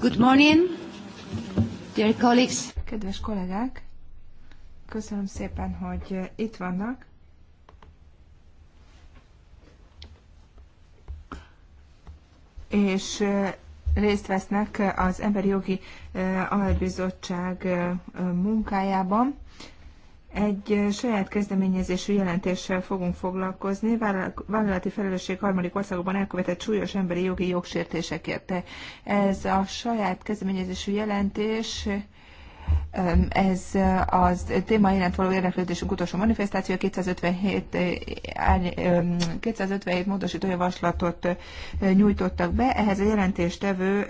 Good morning, dear colleagues. Kedves kollégák, köszönöm szépen, hogy itt vannak. És részt vesznek az Emberi Jogi alapbizottság munkájában. Egy saját kezdeményezésű jelentéssel fogunk foglalkozni, vállalati felelősség harmadik országokban elkövetett súlyos emberi jogi jogsértésekért. Ez a saját kezdeményezésű jelentés ez az téma iránt való érdeklődésünk utolsó manifestáció 257, 257 módosító javaslatot nyújtottak be. Ehhez a jelentéstevő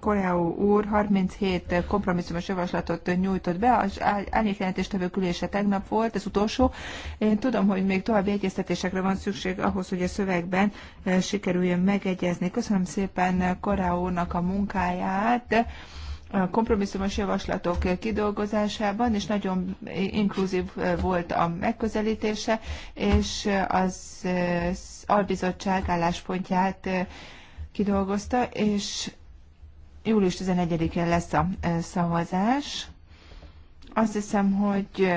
Koreau úr 37 kompromisszumos javaslatot nyújtott be. Az árnyék jelentéstevő külése tegnap volt, ez utolsó. Én tudom, hogy még további egyeztetésekre van szükség ahhoz, hogy a szövegben sikerüljön megegyezni. Köszönöm szépen Koreau a munkáját a kompromisszumos javaslatok kidolgozásában, és nagyon inkluzív volt a megközelítése, és az eh, albizottság álláspontját eh, kidolgozta, és július 11-én lesz a eh, szavazás. Azt hiszem, hogy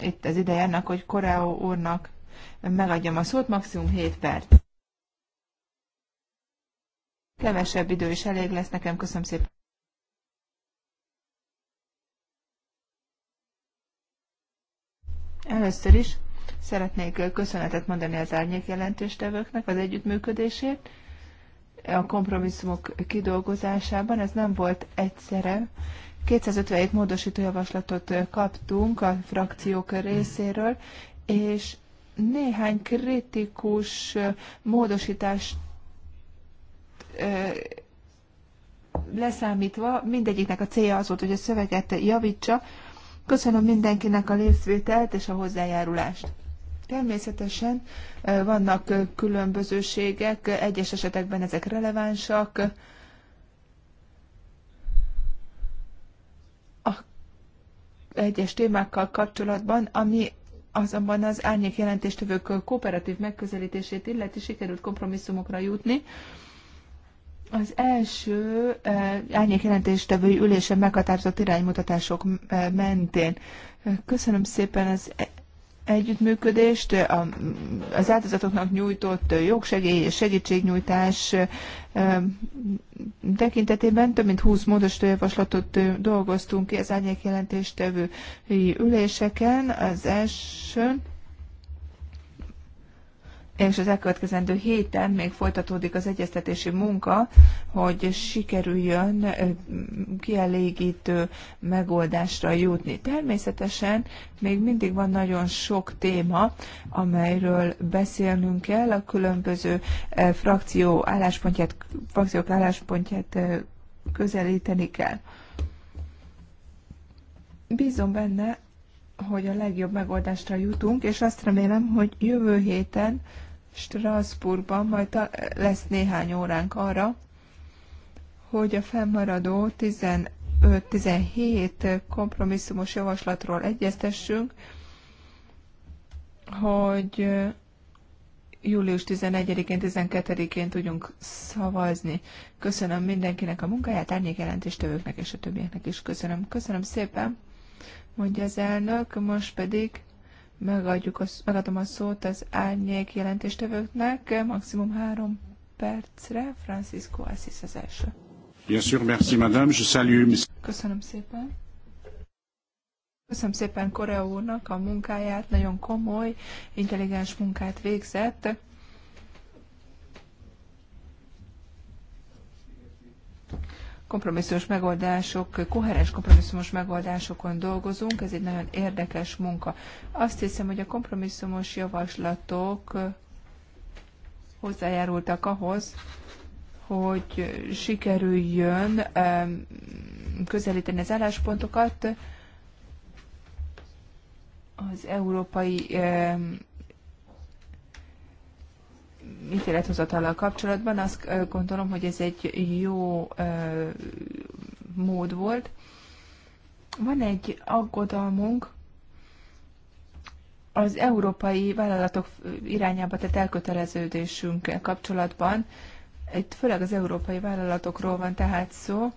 itt az ideje annak, hogy Koreó úrnak megadjam a szót, maximum 7 perc. Kevesebb idő is elég lesz nekem, köszönöm szépen. Először is szeretnék köszönetet mondani az árnyék jelentéstevőknek az együttműködésért a kompromisszumok kidolgozásában. Ez nem volt egyszerre. 257 módosító javaslatot kaptunk a frakciók részéről, és néhány kritikus módosítást leszámítva, mindegyiknek a célja az volt, hogy a szöveget javítsa, Köszönöm mindenkinek a részvételt és a hozzájárulást. Természetesen vannak különbözőségek, egyes esetekben ezek relevánsak. A egyes témákkal kapcsolatban, ami azonban az árnyék jelentéstövők kooperatív megközelítését illeti sikerült kompromisszumokra jutni. Az első eh, árnyék jelentéstevői ülésen meghatározott iránymutatások eh, mentén. Köszönöm szépen az e- együttműködést, a, az áldozatoknak nyújtott jogsegély és segítségnyújtás eh, tekintetében több mint 20 javaslatot dolgoztunk ki az árnyékjelentéstevő üléseken. Az első és az elkövetkezendő héten még folytatódik az egyeztetési munka, hogy sikerüljön kielégítő megoldásra jutni. Természetesen még mindig van nagyon sok téma, amelyről beszélnünk kell, a különböző frakció álláspontját, frakciók álláspontját közelíteni kell. Bízom benne, hogy a legjobb megoldásra jutunk, és azt remélem, hogy jövő héten Strasbourgban majd lesz néhány óránk arra, hogy a fennmaradó 15-17 kompromisszumos javaslatról egyeztessünk, hogy július 11-én, 12-én tudjunk szavazni. Köszönöm mindenkinek a munkáját, árnyékjelentéstevőknek és a többieknek is köszönöm. Köszönöm szépen, mondja az elnök, most pedig megadjuk a, megadom a szót az árnyék jelentéstevőknek, maximum három percre. Francisco Assis az első. Bien sûr, merci madame, je salue. Köszönöm szépen. Köszönöm szépen Korea úrnak a munkáját, nagyon komoly, intelligens munkát végzett kompromisszumos megoldások, koherens kompromisszumos megoldásokon dolgozunk, ez egy nagyon érdekes munka. Azt hiszem, hogy a kompromisszumos javaslatok hozzájárultak ahhoz, hogy sikerüljön közelíteni az álláspontokat az európai ítélethozatallal kapcsolatban. Azt gondolom, hogy ez egy jó mód volt. Van egy aggodalmunk az európai vállalatok irányába tett elköteleződésünk kapcsolatban. Itt főleg az európai vállalatokról van tehát szó.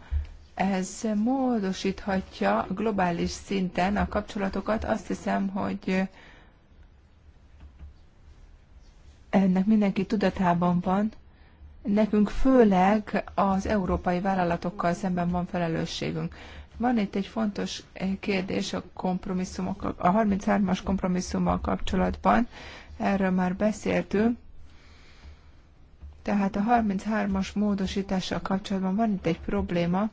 Ez módosíthatja globális szinten a kapcsolatokat. Azt hiszem, hogy ennek mindenki tudatában van, nekünk főleg az európai vállalatokkal szemben van felelősségünk. Van itt egy fontos eh, kérdés a kompromisszumok, a 33-as kompromisszummal kapcsolatban, erről már beszéltünk, tehát a 33-as módosítással kapcsolatban van itt egy probléma,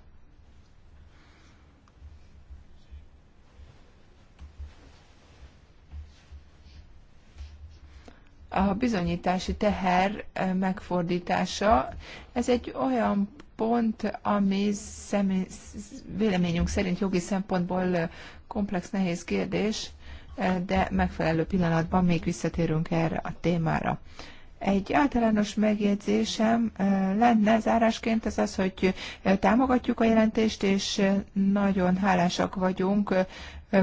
a bizonyítási teher megfordítása, ez egy olyan pont, ami személy, véleményünk szerint jogi szempontból komplex, nehéz kérdés, de megfelelő pillanatban még visszatérünk erre a témára. Egy általános megjegyzésem lenne zárásként ez az, hogy támogatjuk a jelentést, és nagyon hálásak vagyunk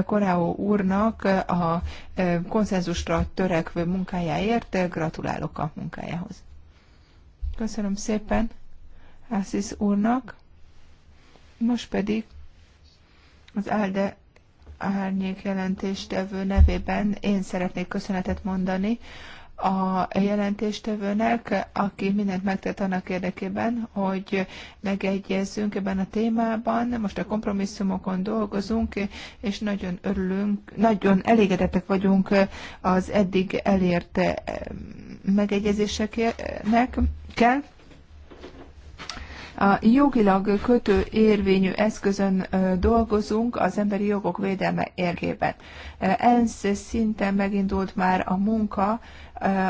Koráó úrnak a e, konszenzusra törekvő munkájáért. Gratulálok a munkájához. Köszönöm szépen Ászisz úrnak. Most pedig az ALDE árnyék jelentéstevő nevében én szeretnék köszönetet mondani a jelentéstevőnek, aki mindent megtett annak érdekében, hogy megegyezzünk ebben a témában. Most a kompromisszumokon dolgozunk, és nagyon örülünk, nagyon elégedettek vagyunk az eddig elért eh, megegyezéseknek. Kell. A jogilag kötő érvényű eszközön dolgozunk az emberi jogok védelme érdekében. ENSZ szinten megindult már a munka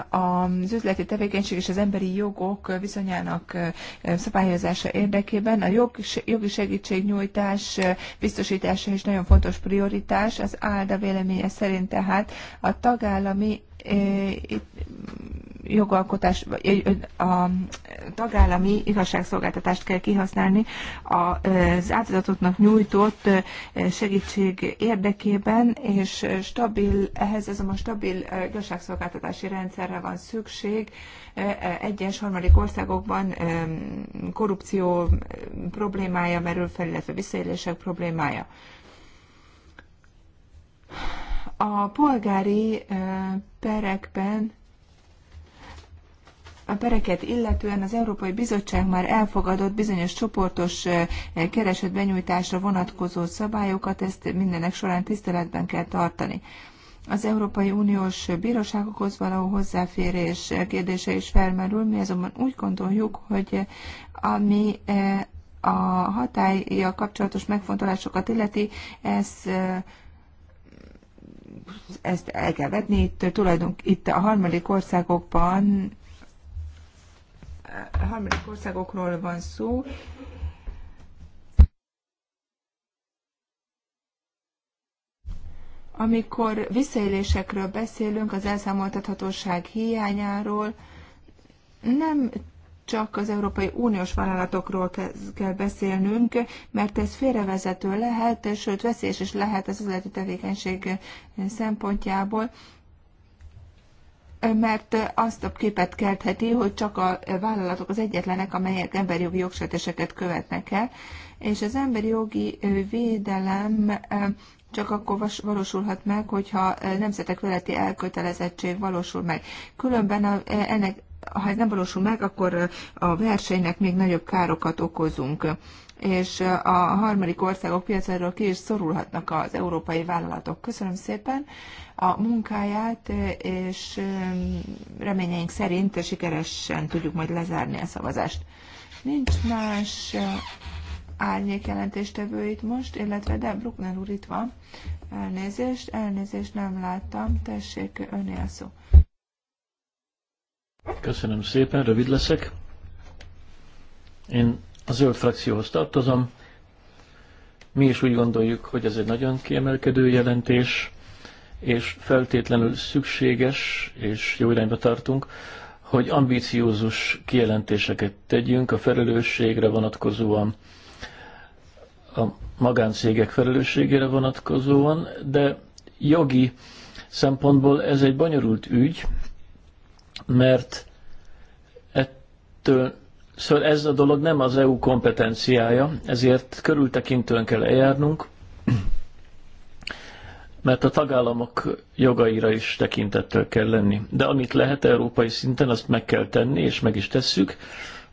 az üzleti tevékenység és az emberi jogok viszonyának szabályozása érdekében. A jogi segítségnyújtás biztosítása is nagyon fontos prioritás. Az álda véleménye szerint tehát a tagállami jogalkotás, a tagállami igazságszolgáltatást kell kihasználni az áldozatoknak nyújtott segítség érdekében, és stabil, ehhez ez a stabil igazságszolgáltatási rendszerre van szükség. Egyes harmadik országokban korrupció problémája merül fel, illetve visszaélések problémája. A polgári perekben a pereket illetően az Európai Bizottság már elfogadott bizonyos csoportos keresetbenyújtásra vonatkozó szabályokat, ezt mindenek során tiszteletben kell tartani. Az Európai Uniós bíróságokhoz való hozzáférés kérdése is felmerül, mi azonban úgy gondoljuk, hogy ami a hatályja kapcsolatos megfontolásokat illeti, ez ezt el kell vetni, itt, tulajdonk, itt a harmadik országokban harmadik országokról van szó, amikor visszaélésekről beszélünk, az elszámoltathatóság hiányáról, nem csak az Európai Uniós vállalatokról kell beszélnünk, mert ez félrevezető lehet, sőt veszélyes is lehet az üzleti tevékenység szempontjából mert azt a képet keltheti, hogy csak a vállalatok az egyetlenek, amelyek emberi jogi jogsértéseket követnek el, és az emberi jogi védelem csak akkor valósulhat meg, hogyha nemzetek feletti elkötelezettség valósul meg. Különben e, ennek ha ez nem valósul meg, akkor a versenynek még nagyobb károkat okozunk és a harmadik országok piacáról ki is szorulhatnak az európai vállalatok. Köszönöm szépen a munkáját, és reményeink szerint sikeresen tudjuk majd lezárni a szavazást. Nincs más árnyék jelentéstevő itt most, illetve de Bruckner úr itt van. Elnézést, elnézést nem láttam. Tessék, öné a szó. Köszönöm szépen, rövid leszek. Én a zöld frakcióhoz tartozom. Mi is úgy gondoljuk, hogy ez egy nagyon kiemelkedő jelentés, és feltétlenül szükséges, és jó irányba tartunk, hogy ambíciózus kijelentéseket tegyünk a felelősségre vonatkozóan, a magáncégek felelősségére vonatkozóan, de jogi szempontból ez egy bonyolult ügy, mert ettől Szóval ez a dolog nem az EU kompetenciája, ezért körültekintően kell eljárnunk, mert a tagállamok jogaira is tekintettel kell lenni. De amit lehet európai szinten, azt meg kell tenni, és meg is tesszük.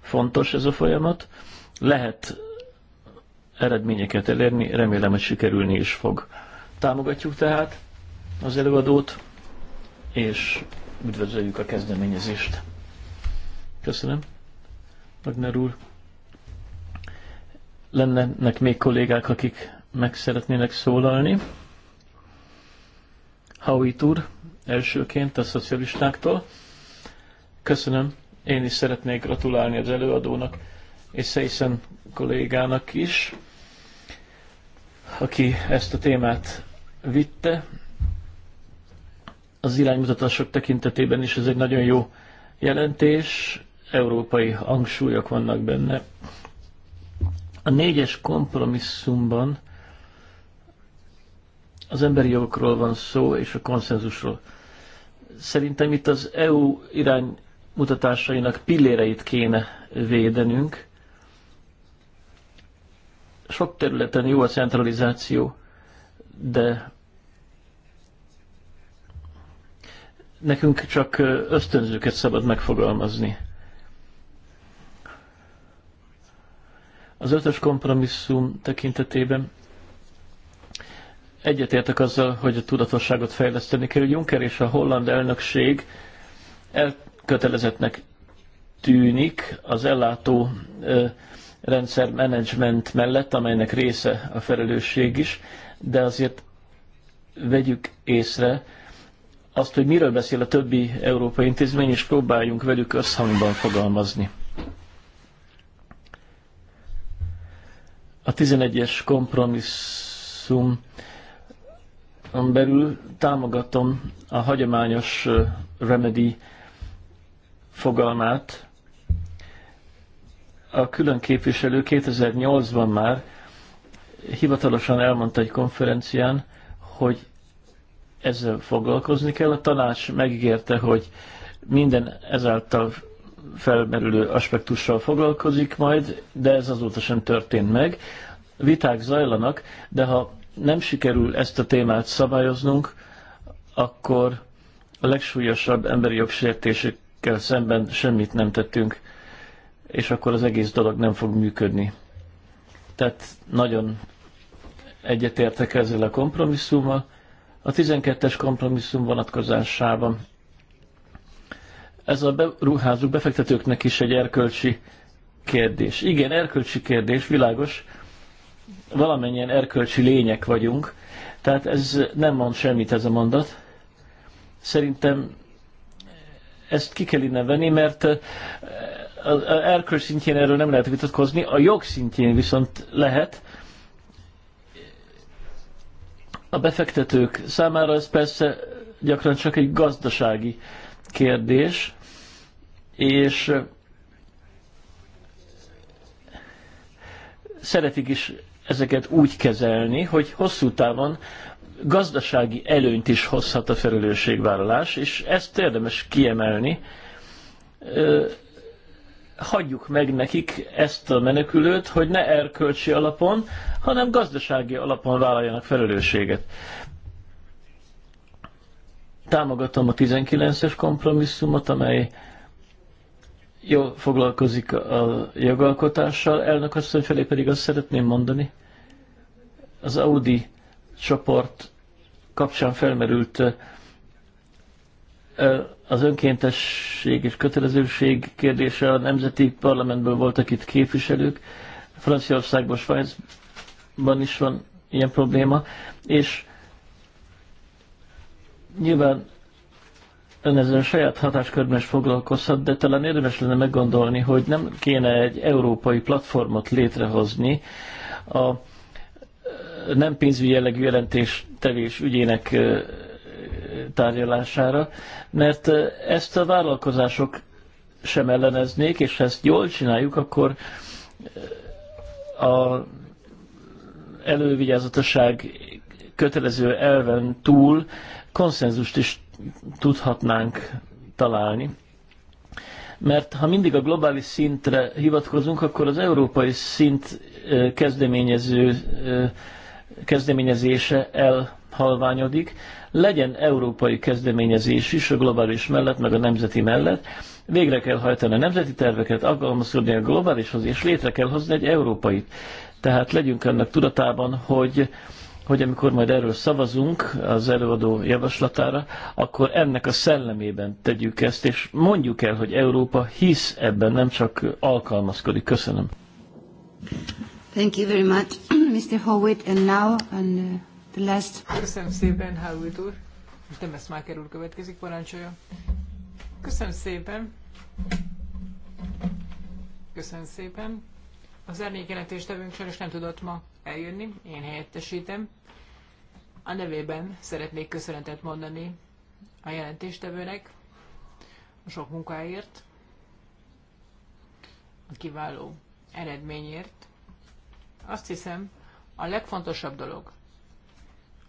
Fontos ez a folyamat. Lehet eredményeket elérni, remélem, hogy sikerülni is fog. Támogatjuk tehát az előadót, és Üdvözöljük a kezdeményezést. Köszönöm. Magner úr. Lennének még kollégák, akik meg szeretnének szólalni. Howitt úr, elsőként a szocialistáktól. Köszönöm. Én is szeretnék gratulálni az előadónak és Szeiszen kollégának is, aki ezt a témát vitte az iránymutatások tekintetében is ez egy nagyon jó jelentés, európai hangsúlyok vannak benne. A négyes kompromisszumban az emberi jogokról van szó, és a konszenzusról. Szerintem itt az EU iránymutatásainak pilléreit kéne védenünk. Sok területen jó a centralizáció, de nekünk csak ösztönzőket szabad megfogalmazni. Az ötös kompromisszum tekintetében egyetértek azzal, hogy a tudatosságot fejleszteni kell. Juncker és a holland elnökség elkötelezettnek tűnik az ellátó rendszer menedzsment mellett, amelynek része a felelősség is, de azért vegyük észre, azt, hogy miről beszél a többi európai intézmény, és próbáljunk velük összhangban fogalmazni. A 11-es kompromisszum belül támogatom a hagyományos remedy fogalmát. A külön képviselő 2008-ban már hivatalosan elmondta egy konferencián, hogy ezzel foglalkozni kell. A tanács megígérte, hogy minden ezáltal felmerülő aspektussal foglalkozik majd, de ez azóta sem történt meg. Viták zajlanak, de ha nem sikerül ezt a témát szabályoznunk, akkor a legsúlyosabb emberi jogsértésekkel szemben semmit nem tettünk, és akkor az egész dolog nem fog működni. Tehát nagyon egyetértek ezzel a kompromisszummal, a 12-es kompromisszum vonatkozásában. Ez a beruházók befektetőknek is egy erkölcsi kérdés. Igen, erkölcsi kérdés, világos. Valamennyien erkölcsi lények vagyunk, tehát ez nem mond semmit ez a mondat. Szerintem ezt ki kell innen venni, mert az erkölcs szintjén erről nem lehet vitatkozni, a jog szintjén viszont lehet, a befektetők számára ez persze gyakran csak egy gazdasági kérdés, és szeretik is ezeket úgy kezelni, hogy hosszú távon gazdasági előnyt is hozhat a felelősségvállalás, és ezt érdemes kiemelni hagyjuk meg nekik ezt a menekülőt, hogy ne erkölcsi alapon, hanem gazdasági alapon vállaljanak felelősséget. Támogatom a 19-es kompromisszumot, amely jól foglalkozik a jogalkotással. Elnök asszony felé pedig azt szeretném mondani, az Audi csoport kapcsán felmerült az önkéntesség és kötelezőség kérdése a nemzeti parlamentből voltak itt képviselők, Franciaországban, Svájcban is van ilyen probléma, és nyilván ön ezen saját hatáskörben is foglalkozhat, de talán érdemes lenne meggondolni, hogy nem kéne egy európai platformot létrehozni a nem pénzügyi jellegű jelentés tevés ügyének tárgyalására, mert ezt a vállalkozások sem elleneznék, és ha ezt jól csináljuk, akkor a elővigyázatosság kötelező elven túl konszenzust is tudhatnánk találni. Mert ha mindig a globális szintre hivatkozunk, akkor az európai szint kezdeményező kezdeményezése elhalványodik legyen európai kezdeményezés is a globális mellett, meg a nemzeti mellett, végre kell hajtani a nemzeti terveket, aggalmazkodni a globálishoz, és létre kell hozni egy európait. Tehát legyünk ennek tudatában, hogy hogy amikor majd erről szavazunk az előadó javaslatára, akkor ennek a szellemében tegyük ezt, és mondjuk el, hogy Európa hisz ebben, nem csak alkalmazkodik. Köszönöm. Thank you very much, Mr. Howitt, and now... And, uh, lesz. Köszönöm szépen, Howard úr. Most nem ezt már úr következik, parancsolja. Köszönöm szépen. Köszönöm szépen. Az tevünk sajnos nem tudott ma eljönni, én helyettesítem. A nevében szeretnék köszönetet mondani a jelentéstevőnek a sok munkáért, a kiváló eredményért. Azt hiszem, a legfontosabb dolog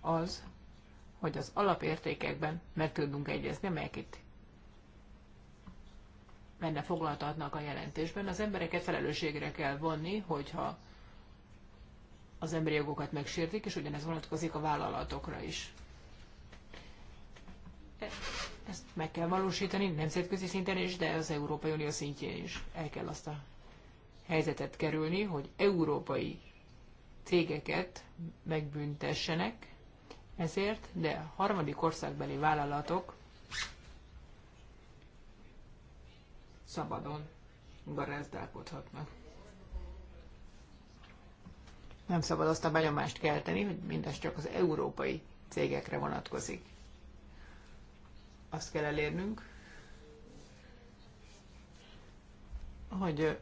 az, hogy az alapértékekben meg tudunk egyezni, amelyek itt benne foglaltatnak a jelentésben. Az embereket felelősségre kell vonni, hogyha az emberi jogokat megsértik, és ugyanez vonatkozik a vállalatokra is. E, ezt meg kell valósítani nemzetközi szinten is, de az Európai Unió szintjén is. El kell azt a helyzetet kerülni, hogy európai cégeket megbüntessenek, ezért, de a harmadik országbeli vállalatok szabadon garázdálkodhatnak. Nem szabad azt a benyomást kelteni, hogy mindez csak az európai cégekre vonatkozik. Azt kell elérnünk, hogy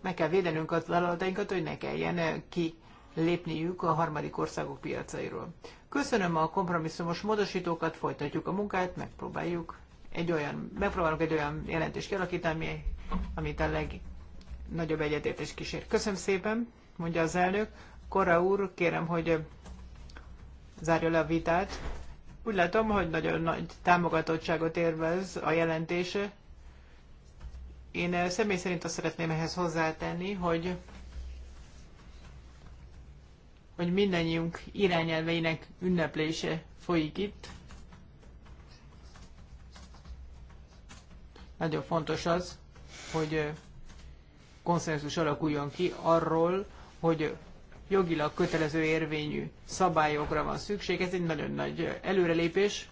meg kell védenünk a vállalatainkat, hogy ne kelljen ki lépniük a harmadik országok piacairól. Köszönöm a kompromisszumos módosítókat, folytatjuk a munkát, megpróbáljuk egy olyan, megpróbálunk egy olyan jelentést kialakítani, amit a legnagyobb egyetértés kísér. Köszönöm szépen, mondja az elnök. Kora úr, kérem, hogy zárja le a vitát. Úgy látom, hogy nagyon nagy támogatottságot érvez a jelentése. Én személy szerint azt szeretném ehhez hozzátenni, hogy hogy mindannyiunk irányelveinek ünneplése folyik itt. Nagyon fontos az, hogy konszenzus alakuljon ki arról, hogy jogilag kötelező érvényű szabályokra van szükség. Ez egy nagyon nagy előrelépés,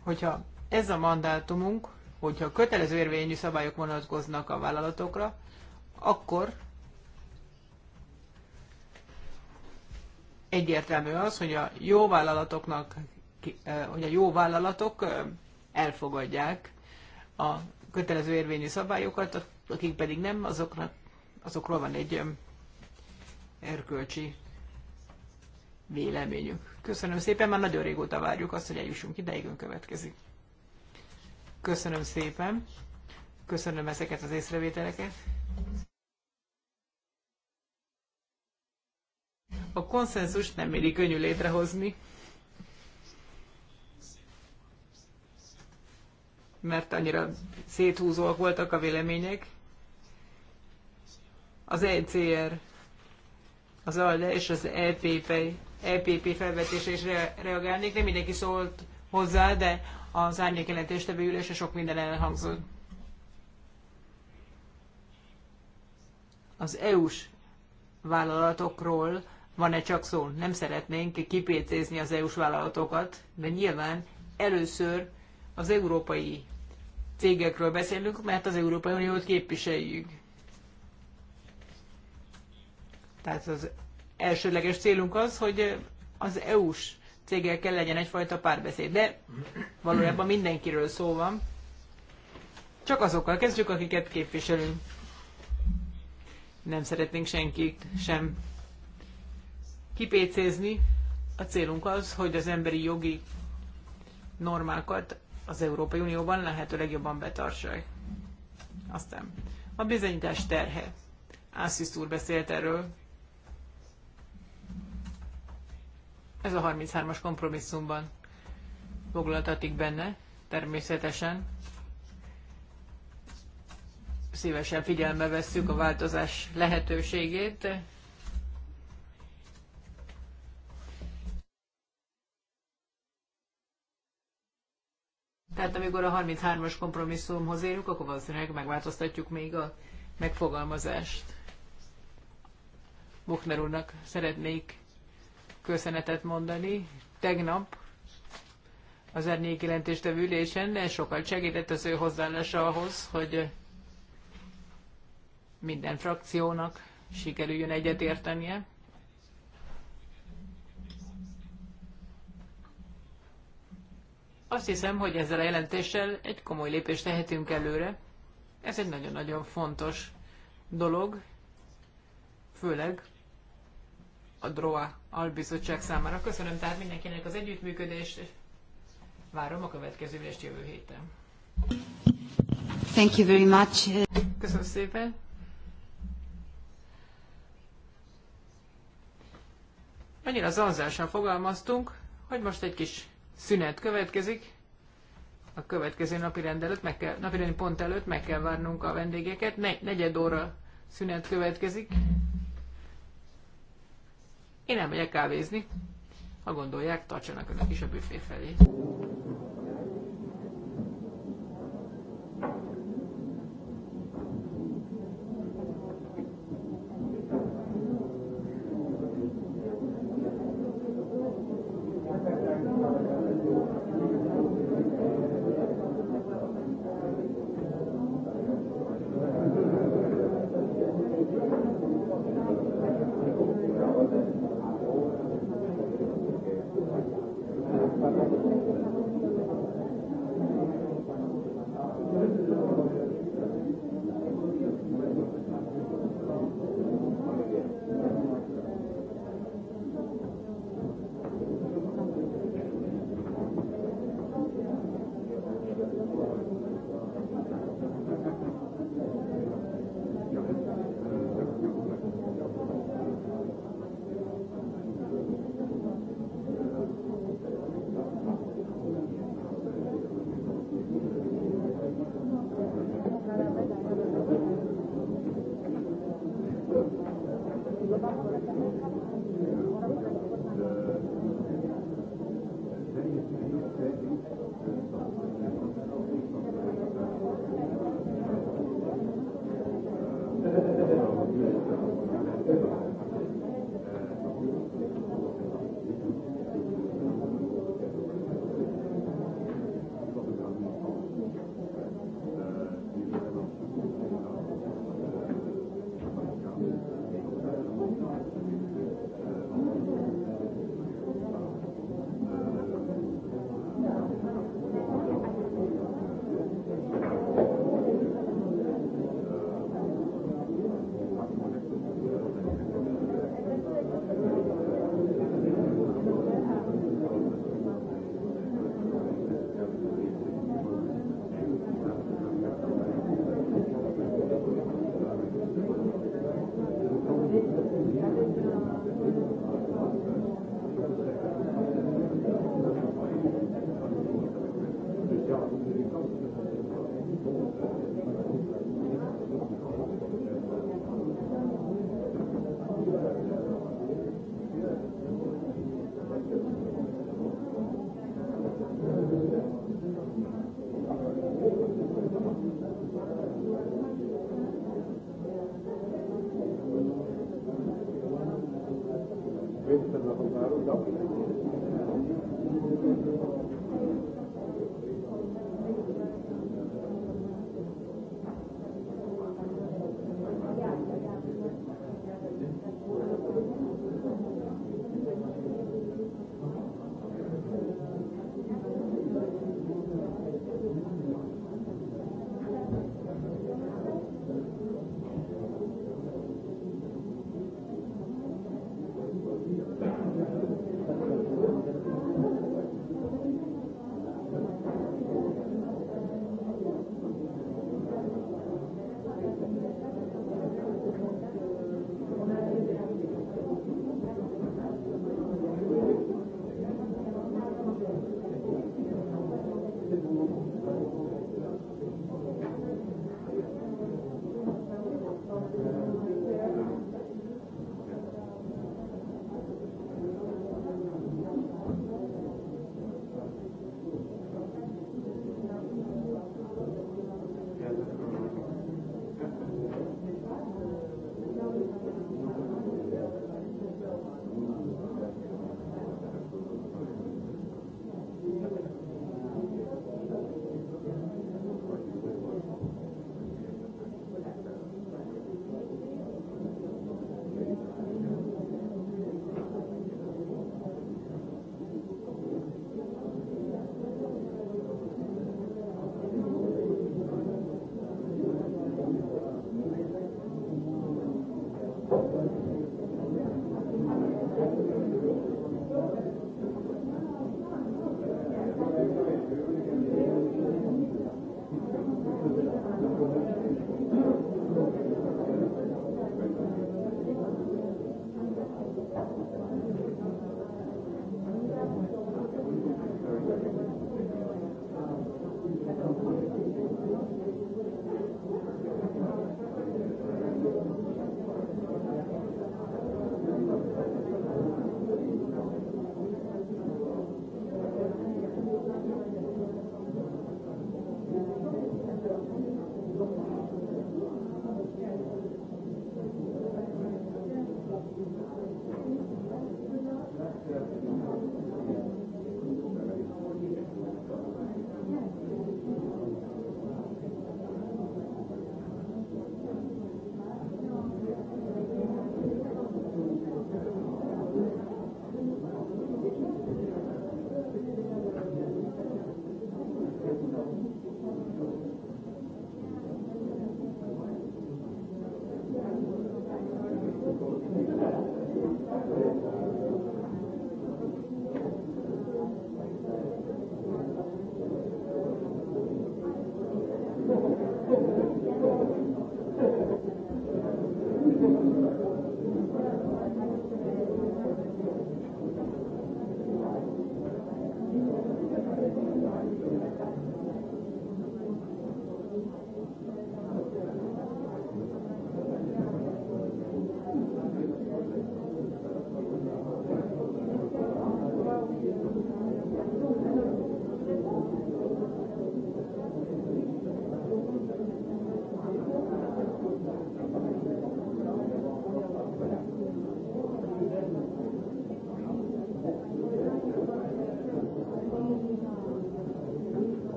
hogyha ez a mandátumunk, hogyha kötelező érvényű szabályok vonatkoznak a vállalatokra, akkor egyértelmű az, hogy a jó vállalatoknak, hogy a jó vállalatok elfogadják a kötelező érvényű szabályokat, akik pedig nem, azoknak, azokról van egy erkölcsi véleményük. Köszönöm szépen, már nagyon régóta várjuk azt, hogy eljussunk ideig, ön következik. Köszönöm szépen, köszönöm ezeket az észrevételeket. a konszenzus nem éri könnyű létrehozni, mert annyira széthúzóak voltak a vélemények. Az ECR, az ALDE és az EPP, EPP felvetése is re- reagálnék. Nem mindenki szólt hozzá, de az árnyékjelentéstevő ülése sok minden elhangzott. Az EU-s vállalatokról van-e csak szó. Nem szeretnénk kipécézni az EU-s vállalatokat, de nyilván először az európai cégekről beszélünk, mert az Európai Uniót képviseljük. Tehát az elsődleges célunk az, hogy az EU-s cégekkel legyen egyfajta párbeszéd, de valójában mindenkiről szó van. Csak azokkal kezdjük, akiket képviselünk. Nem szeretnénk senkit sem kipécézni. A célunk az, hogy az emberi jogi normákat az Európai Unióban lehető legjobban betartsák. Aztán a bizonyítás terhe. Ásziszt úr beszélt erről. Ez a 33-as kompromisszumban foglaltatik benne, természetesen. Szívesen figyelme vesszük a változás lehetőségét, Tehát amikor a 33-as kompromisszumhoz érünk, akkor valószínűleg megváltoztatjuk még a megfogalmazást. Buchner úrnak szeretnék köszönetet mondani. Tegnap az árnyék jelentéstevő ülésen sokat segített az ő hozzáállása ahhoz, hogy minden frakciónak sikerüljön egyetértenie. Azt hiszem, hogy ezzel a jelentéssel egy komoly lépést tehetünk előre. Ez egy nagyon-nagyon fontos dolog, főleg a DROA albizottság számára. Köszönöm tehát mindenkinek az együttműködést, várom a következő ülést jövő héten. Thank you very much. Köszönöm szépen. Annyira zanzással fogalmaztunk, hogy most egy kis szünet következik. A következő napi, rend előtt meg kell, napi pont előtt meg kell várnunk a vendégeket. Ne, negyed óra szünet következik. Én nem megyek kávézni. Ha gondolják, tartsanak önök is a büfé felé.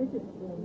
This is um,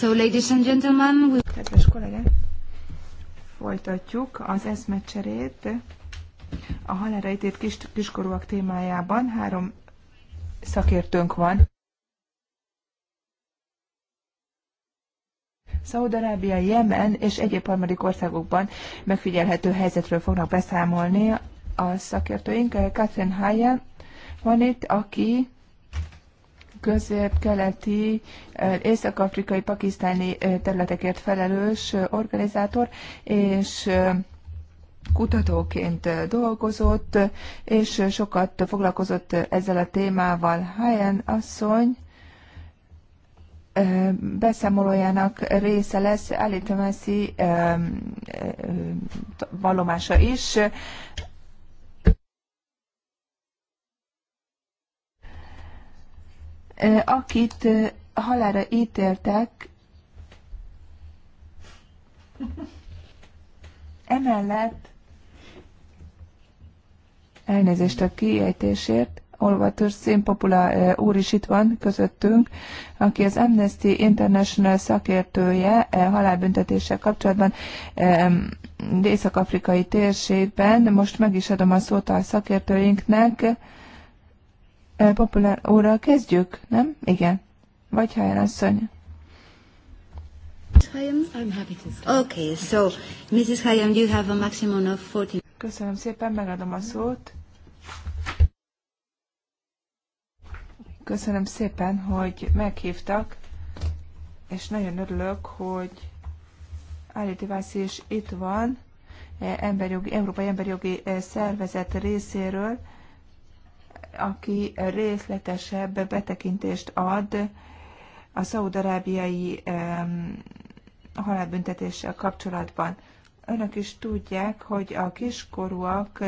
So, ladies and gentlemen, we... Kedves kollégák, folytatjuk az eszmecserét a halálra kis, kiskorúak témájában. Három szakértőnk van. Szaudarábia, Jemen és egyéb harmadik országokban megfigyelhető helyzetről fognak beszámolni a szakértőink. Catherine Hayen van itt, aki közép-keleti, észak-afrikai, pakisztáni területekért felelős organizátor, és kutatóként dolgozott, és sokat foglalkozott ezzel a témával. Helyen asszony beszámolójának része lesz Alitameszi vallomása is. akit halára ítéltek, emellett elnézést a kiejtésért, Olvatos Színpopula úr is itt van közöttünk, aki az Amnesty International szakértője halálbüntetéssel kapcsolatban Észak-Afrikai térségben. Most meg is adom a szót a szakértőinknek. Eh, Populár óra kezdjük, nem? Igen. Vagy ha asszony. Okay, so Mrs. you have a maximum of Köszönöm szépen, megadom a szót. Köszönöm szépen, hogy meghívtak, és nagyon örülök, hogy Ali Divászi is itt van, eh, emberjogi, Európai Emberjogi eh, Szervezet részéről aki részletesebb betekintést ad a szaudarábiai halálbüntetéssel kapcsolatban. Önök is tudják, hogy a kiskorúak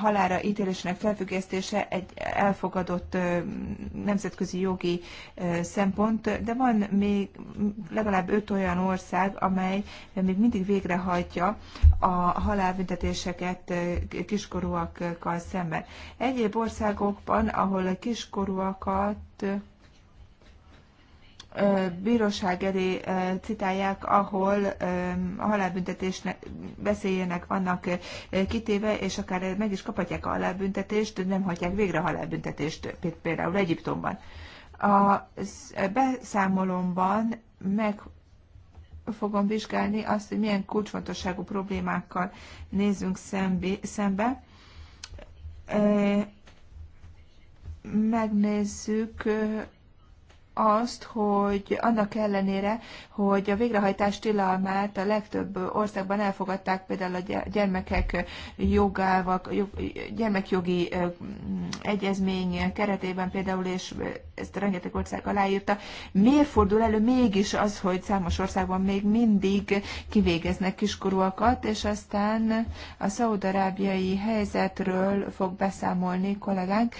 halára ítélésének felfüggesztése egy elfogadott nemzetközi jogi szempont, de van még legalább öt olyan ország, amely még mindig végrehajtja a halálbüntetéseket kiskorúakkal szemben. Egyéb országokban, ahol a kiskorúakat bíróság elé citálják, ahol a halálbüntetésnek veszélyének annak kitéve, és akár meg is kaphatják a halálbüntetést, nem hagyják végre a halálbüntetést, például Egyiptomban. A beszámolomban meg fogom vizsgálni azt, hogy milyen kulcsfontosságú problémákkal nézzünk szembe. Megnézzük azt, hogy annak ellenére, hogy a végrehajtás tilalmát a legtöbb országban elfogadták, például a gyermekek jogával, gyermekjogi mm, egyezmény keretében például, és ezt rengeteg ország aláírta, miért fordul elő mégis az, hogy számos országban még mindig kivégeznek kiskorúakat, és aztán a szaudarábiai helyzetről fog beszámolni kollégánk,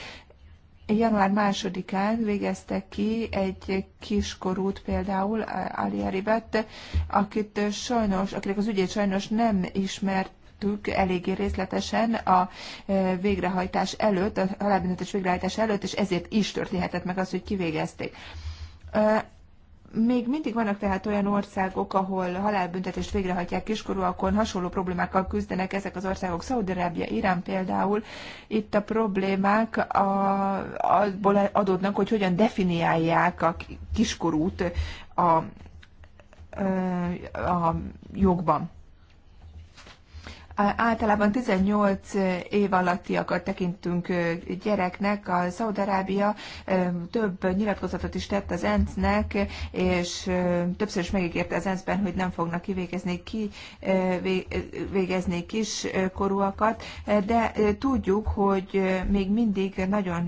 január másodikán végeztek ki egy kiskorút például, eh, Ali Eribet, akit sajnos, akinek az ügyét sajnos nem ismert eléggé részletesen a eh, végrehajtás előtt, a halálbüntetés végrehajtás előtt, és ezért is történhetett meg az, hogy kivégezték. Eh, még mindig vannak tehát olyan országok, ahol halálbüntetést végrehajtják kiskorúakon, hasonló problémákkal küzdenek ezek az országok, Szaudarábia, Irán például. Itt a problémák a, abból adódnak, hogy hogyan definiálják a kiskorút a, a jogban általában 18 év alattiakat tekintünk gyereknek. A Szaudarábia több nyilatkozatot is tett az ENSZ-nek, és többször is megígérte az ENSZ-ben, hogy nem fognak kivégezni ki, végezni korúakat, de tudjuk, hogy még mindig nagyon,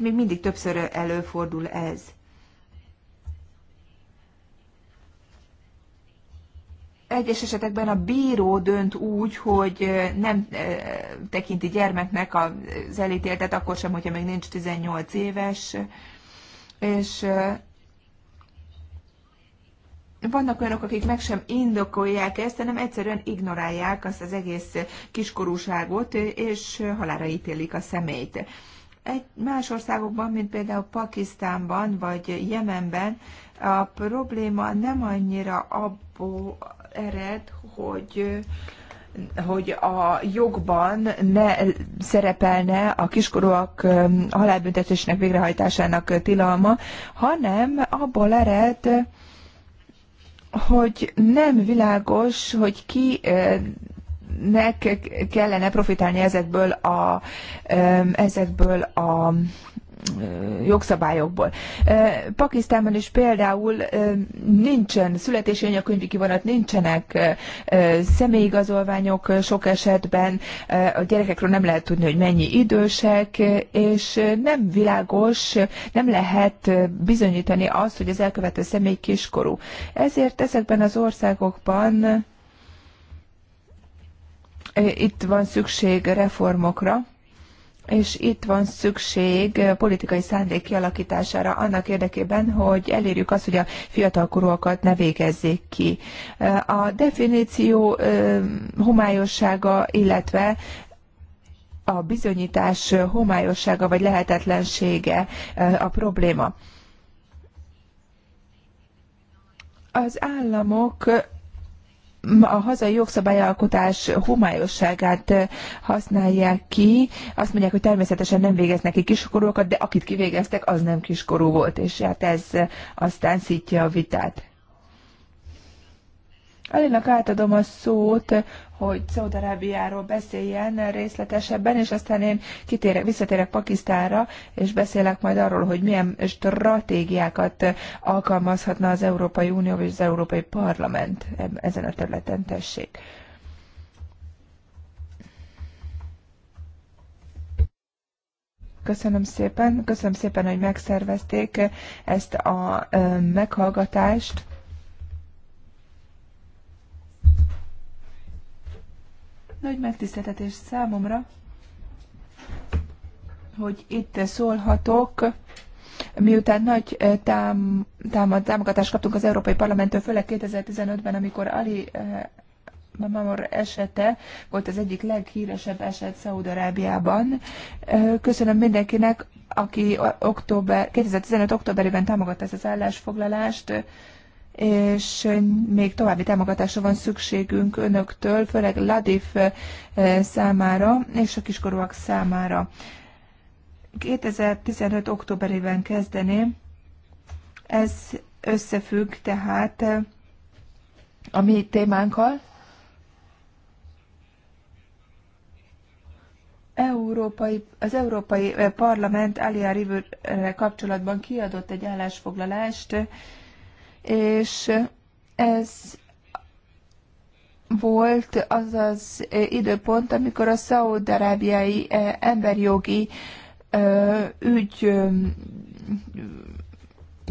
még mindig többször előfordul ez. egyes esetekben a bíró dönt úgy, hogy nem tekinti gyermeknek az elítéltet, akkor sem, hogyha még nincs 18 éves, és vannak olyanok, akik meg sem indokolják ezt, hanem egyszerűen ignorálják azt az egész kiskorúságot, és halára ítélik a személyt. Egy más országokban, mint például Pakisztánban vagy Jemenben, a probléma nem annyira abból, ered, hogy hogy a jogban ne szerepelne a kiskorúak halálbüntetésnek végrehajtásának tilalma, hanem abból ered, hogy nem világos, hogy ki nek kellene profitálni ezekből a, ezekből a jogszabályokból. Pakisztánban is például nincsen születési anyakönyvi kivonat, nincsenek személyigazolványok sok esetben, a gyerekekről nem lehet tudni, hogy mennyi idősek, és nem világos, nem lehet bizonyítani azt, hogy az elkövető személy kiskorú. Ezért ezekben az országokban itt van szükség reformokra, és itt van szükség politikai szándék kialakítására annak érdekében, hogy elérjük azt, hogy a fiatalkorúakat ne végezzék ki. A definíció homályossága, illetve a bizonyítás homályossága vagy lehetetlensége a probléma. Az államok a hazai jogszabályalkotás homályosságát eh, használják ki. Azt mondják, hogy természetesen nem végeznek ki kiskorúakat, de akit kivégeztek, az nem kiskorú volt, és hát ez eh, aztán szítja a vitát. Alinak átadom a szót, hogy Szaudarábiáról beszéljen részletesebben, és aztán én kitérek, visszatérek Pakisztánra, és beszélek majd arról, hogy milyen stratégiákat alkalmazhatna az Európai Unió és az Európai Parlament ezen a területen tessék. Köszönöm szépen, köszönöm szépen, hogy megszervezték ezt a meghallgatást. Nagy megtiszteltetés számomra, hogy itt szólhatok, miután nagy eh, tám, tám, támogatást kaptunk az Európai Parlamenttől, főleg 2015-ben, amikor Ali eh, Mamor esete volt az egyik leghíresebb eset Szaúd-Arábiában. Eh, köszönöm mindenkinek, aki október, 2015. októberében támogatta ezt az állásfoglalást és még további támogatásra van szükségünk önöktől, főleg Ladif eh, számára és a kiskorúak számára. 2015. októberében kezdeném. Ez összefügg tehát eh, a mi témánkkal. Európai, az Európai eh, Parlament Alia River kapcsolatban kiadott egy állásfoglalást, és ez volt az az időpont, amikor a szaúd-arábiai emberjogi ügy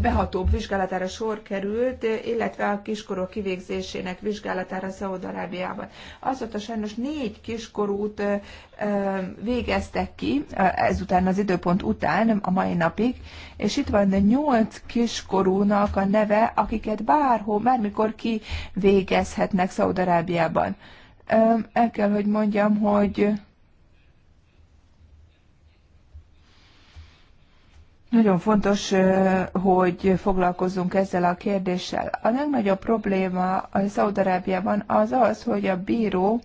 behatóbb vizsgálatára sor került, illetve a kiskorú kivégzésének vizsgálatára Szaúd-Arábiában. Azóta sajnos négy kiskorút végeztek ki, ezután az időpont után, a mai napig, és itt van nyolc kiskorúnak a neve, akiket bárhol, bármikor kivégezhetnek Szaúd-Arábiában. El kell, hogy mondjam, hogy Nagyon fontos, hogy foglalkozzunk ezzel a kérdéssel. A legnagyobb probléma a Szaudarábiában az az, hogy a bíró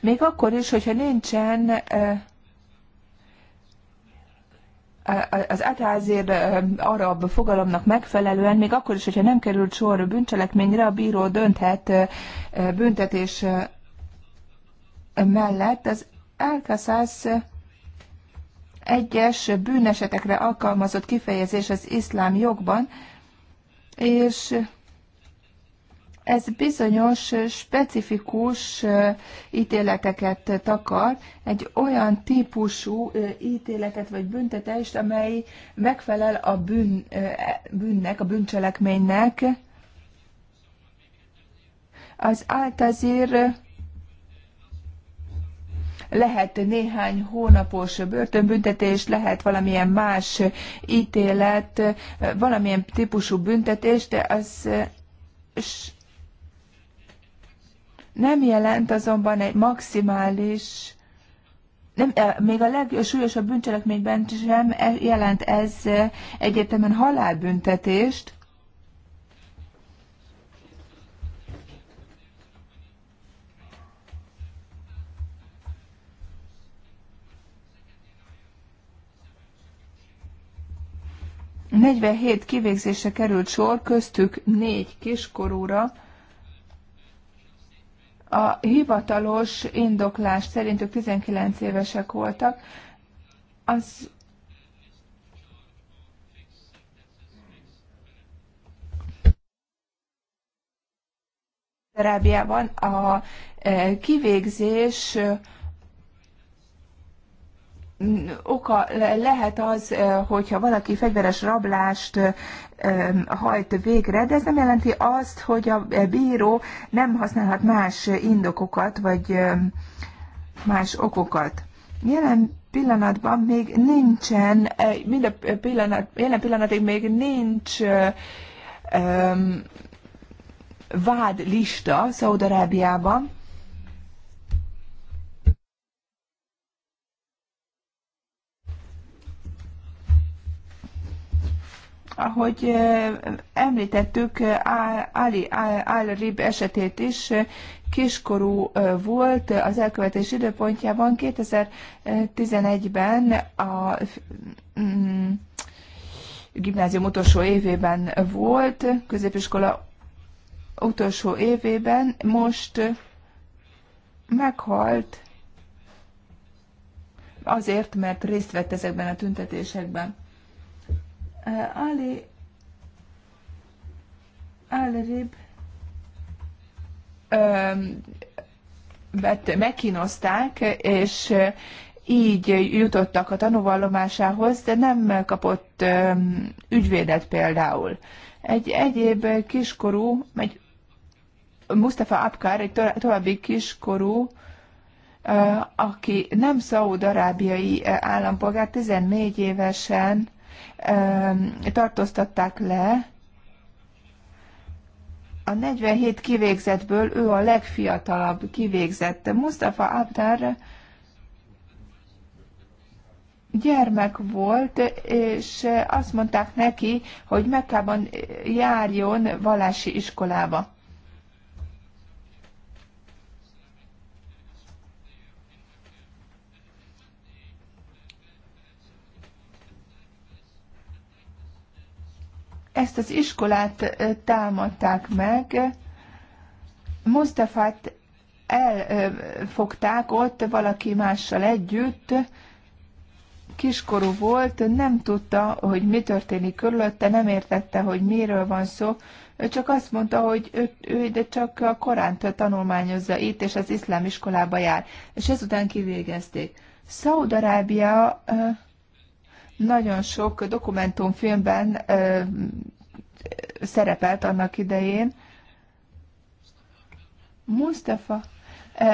még akkor is, hogyha nincsen az átházér arab fogalomnak megfelelően, még akkor is, hogyha nem került sor bűncselekményre, a bíró dönthet büntetés mellett az Alkaszász egyes bűnesetekre alkalmazott kifejezés az iszlám jogban, és ez bizonyos specifikus ítéleteket takar, egy olyan típusú ítéletet vagy büntetést, amely megfelel a bűn, e, bűnnek, a bűncselekménynek. Az Altazir lehet néhány hónapos börtönbüntetés, lehet valamilyen más ítélet, valamilyen típusú büntetés, de az nem jelent azonban egy maximális nem, e, még a legsúlyosabb bűncselekményben sem e, jelent ez egyértelműen halálbüntetést, 47 kivégzése került sor, köztük négy kiskorúra. A hivatalos indoklás szerint ők 19 évesek voltak. Az Arábiában a eh, kivégzés oka lehet az, hogyha valaki fegyveres rablást hajt végre, de ez nem jelenti azt, hogy a e, bíró nem használhat más indokokat, vagy más okokat. Jelen pillanatban még nincsen, e, minden pillanat, jelen pillanatig még nincs um, vádlista Szaudarábiában, Ahogy említettük, Ali Al-Rib esetét is kiskorú volt az elkövetés időpontjában. 2011-ben a mm, gimnázium utolsó évében volt, középiskola utolsó évében, most meghalt azért, mert részt vett ezekben a tüntetésekben. Eh, Ali Alrib megkínozták, és eh, így jutottak a tanúvallomásához, de nem kapott ügyvédet például. Egy egyéb kiskorú, egy Mustafa Abkar, egy további kiskorú, eh, aki nem szaúd-arábiai állampolgár, 14 évesen tartóztatták le. A 47 kivégzetből ő a legfiatalabb kivégzett. Mustafa Abdar gyermek volt, és azt mondták neki, hogy Mekkában járjon vallási iskolába. ezt az iskolát támadták meg, Mustafát elfogták ott valaki mással együtt, kiskorú volt, nem tudta, hogy mi történik körülötte, nem értette, hogy miről van szó, ő csak azt mondta, hogy ő, ő de csak a Koránt tanulmányozza itt, és az iszlám iskolába jár, és ezután kivégezték. Szaudarábia nagyon sok dokumentumfilmben szerepelt annak idején. Mustafa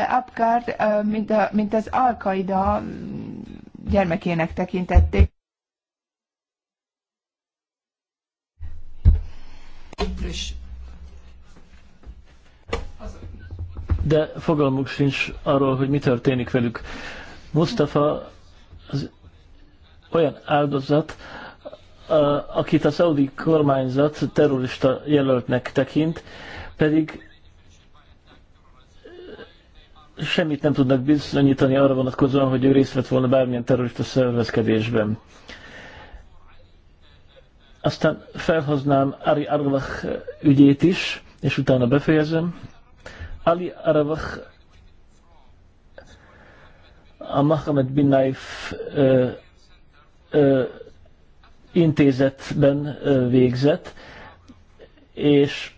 Abkard, mint, mint az Al-Qaida gyermekének tekintették. De fogalmuk sincs arról, hogy mi történik velük. Mustafa az olyan áldozat, akit a szaudi kormányzat terrorista jelöltnek tekint, pedig semmit nem tudnak bizonyítani arra vonatkozóan, hogy ő részt vett volna bármilyen terrorista szervezkedésben. Aztán felhoznám Ari Arvach ügyét is, és utána befejezem. Ali Arvach a Mohamed bin Naif intézetben végzett, és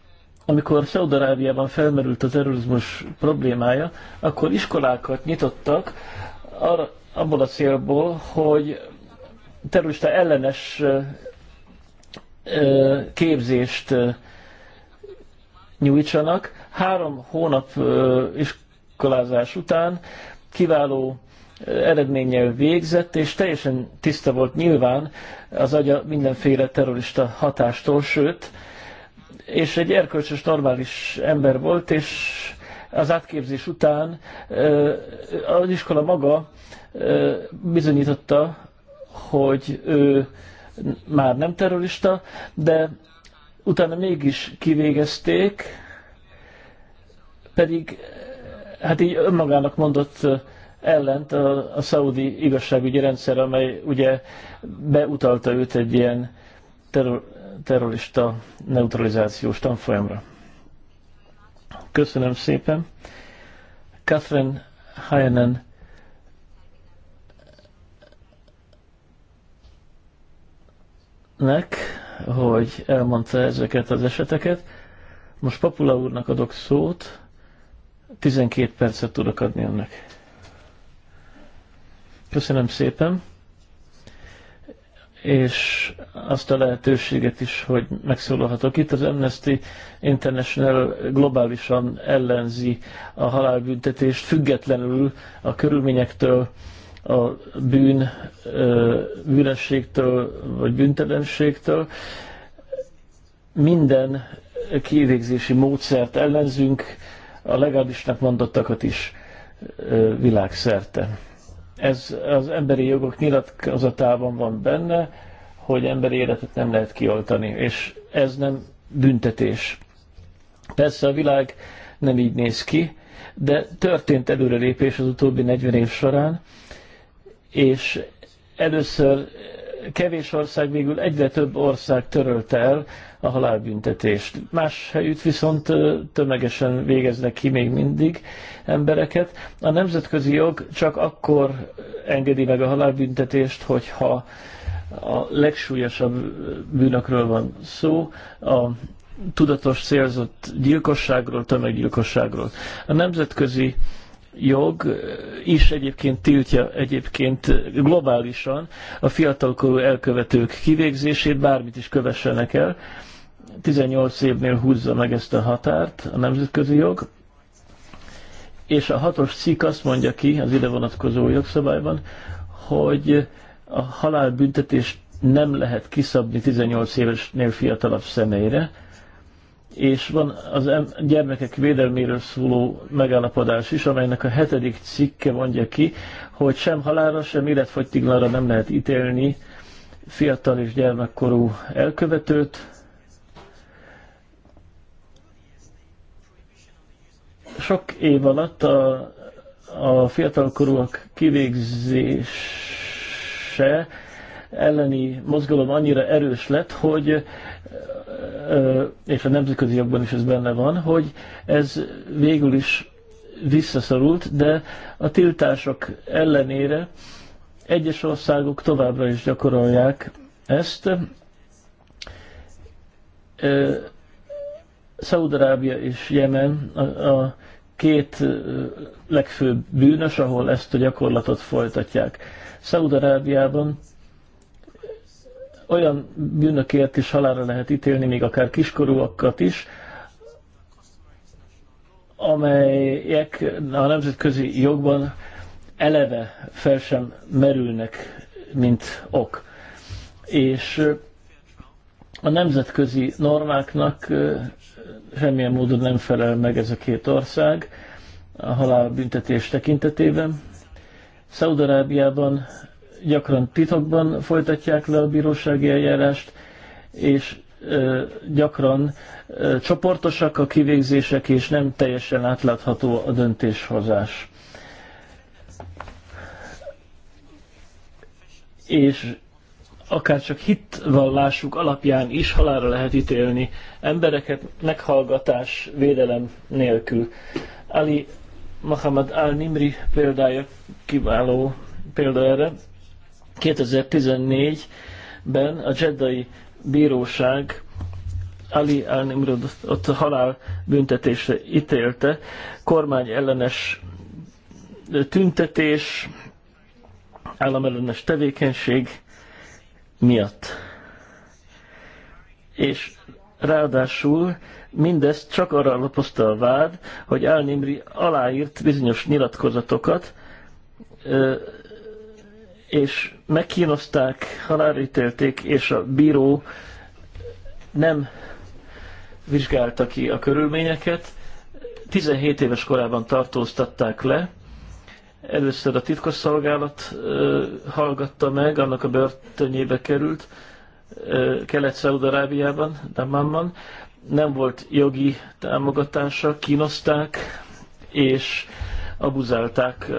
amikor Szaudarábiában felmerült a terrorizmus problémája, akkor iskolákat nyitottak arra, abból a célból, hogy terrorista ellenes képzést nyújtsanak. Három hónap iskolázás után kiváló eredménnyel végzett, és teljesen tiszta volt nyilván az agya mindenféle terrorista hatástól, sőt, és egy erkölcsös, normális ember volt, és az átképzés után az iskola maga bizonyította, hogy ő már nem terrorista, de utána mégis kivégezték, pedig hát így önmagának mondott ellent a, a szaudi igazságügyi rendszer, amely ugye beutalta őt egy ilyen terror, terrorista neutralizációs tanfolyamra. Köszönöm szépen. Catherine Heinen nek, hogy elmondta ezeket az eseteket. Most Papula úrnak adok szót, 12 percet tudok adni önnek. Köszönöm szépen, és azt a lehetőséget is, hogy megszólalhatok itt. Az Amnesty International globálisan ellenzi a halálbüntetést, függetlenül a körülményektől, a bűn, bűnösségtől vagy büntelenségtől. Minden kivégzési módszert ellenzünk, a legalábbisnak mondottakat is világszerte. Ez az emberi jogok nyilatkozatában van benne, hogy emberi életet nem lehet kioltani, és ez nem büntetés. Persze a világ nem így néz ki, de történt előrelépés az utóbbi 40 év során, és először kevés ország végül egyre több ország törölte el a halálbüntetést. Más helyütt viszont tömegesen végeznek ki még mindig embereket. A nemzetközi jog csak akkor engedi meg a halálbüntetést, hogyha a legsúlyosabb bűnökről van szó, a tudatos célzott gyilkosságról, tömeggyilkosságról. A nemzetközi jog is egyébként tiltja egyébként globálisan a fiatalkorú elkövetők kivégzését, bármit is kövessenek el, 18 évnél húzza meg ezt a határt a nemzetközi jog, és a hatos cikk azt mondja ki az ide vonatkozó jogszabályban, hogy a halálbüntetés nem lehet kiszabni 18 évesnél fiatalabb személyre, és van az gyermekek védelméről szóló megállapodás is, amelynek a hetedik cikke mondja ki, hogy sem halálra, sem életfogytiglanra nem lehet ítélni fiatal és gyermekkorú elkövetőt, sok év alatt a, a fiatalkorúak kivégzése elleni mozgalom annyira erős lett, hogy és a nemzetközi jogban is ez benne van, hogy ez végül is visszaszorult, de a tiltások ellenére egyes országok továbbra is gyakorolják ezt. Szaudarábia és Jemen a, a két legfőbb bűnös, ahol ezt a gyakorlatot folytatják. Szaúd-Arábiában olyan bűnökért is halára lehet ítélni, még akár kiskorúakat is, amelyek a nemzetközi jogban eleve fel sem merülnek, mint ok. És a nemzetközi normáknak semmilyen módon nem felel meg ez a két ország a halálbüntetés tekintetében. Szaudarábiában gyakran titokban folytatják le a bírósági eljárást, és gyakran csoportosak a kivégzések, és nem teljesen átlátható a döntéshozás. És akár csak hitvallásuk alapján is halára lehet ítélni embereket meghallgatás, védelem nélkül. Ali Mohamed Al-Nimri példája kiváló példa erre. 2014-ben a Jeddai Bíróság Ali al nimrod ott halál büntetésre ítélte. Kormány ellenes tüntetés, államellenes tevékenység, miatt. És ráadásul mindezt csak arra lapozta a vád, hogy Elnimri aláírt bizonyos nyilatkozatokat, és megkínozták, halálítélték, és a bíró nem vizsgálta ki a körülményeket. 17 éves korában tartóztatták le, Először a titkosszolgálat hallgatta meg, annak a börtönjébe került, Kelet-Szaudarábiában, Damamban. Nem volt jogi támogatása, kínoszták, és abuzálták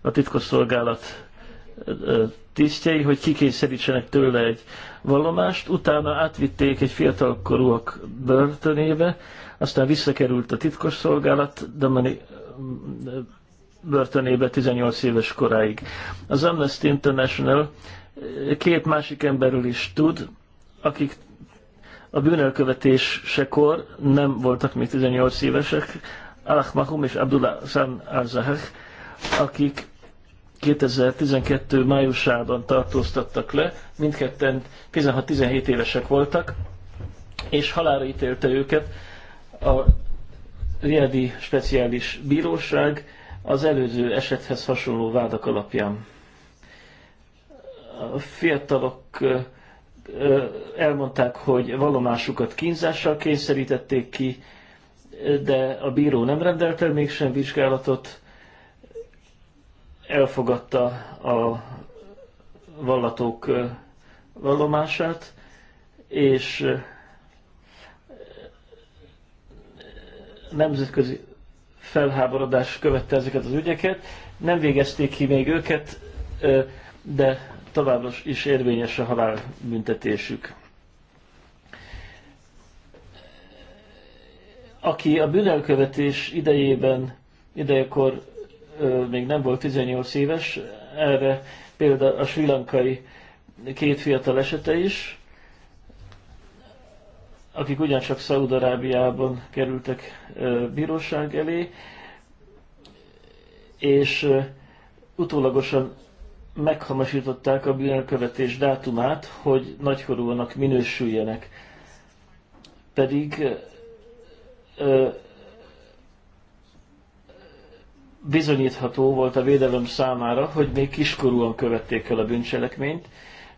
a titkosszolgálat tisztjei, hogy kikényszerítsenek tőle egy vallomást, utána átvitték egy fiatalkorúak börtönébe, aztán visszakerült a titkosszolgálat Damani börtönébe 18 éves koráig. Az Amnesty International két másik emberről is tud, akik a bűnelkövetésekor nem voltak még 18 évesek, Al-Mahum és Abdullah San al akik 2012. májusában tartóztattak le, mindketten 16-17 évesek voltak, és halára ítélte őket a Riadi Speciális Bíróság az előző esethez hasonló vádak alapján. A fiatalok elmondták, hogy valomásukat kínzással kényszerítették ki, de a bíró nem rendelt el mégsem vizsgálatot, elfogadta a vallatók vallomását, és nemzetközi felháborodás követte ezeket az ügyeket. Nem végezték ki még őket, de továbbra is érvényes a halálbüntetésük. Aki a bűnelkövetés idejében, idejekor még nem volt 18 éves, erre például a sri lankai két fiatal esete is, akik ugyancsak Szaúd-Arábiában kerültek bíróság elé, és utólagosan meghamasították a bűnelkövetés dátumát, hogy nagykorúanak minősüljenek. Pedig ö, bizonyítható volt a védelem számára, hogy még kiskorúan követték el a bűncselekményt,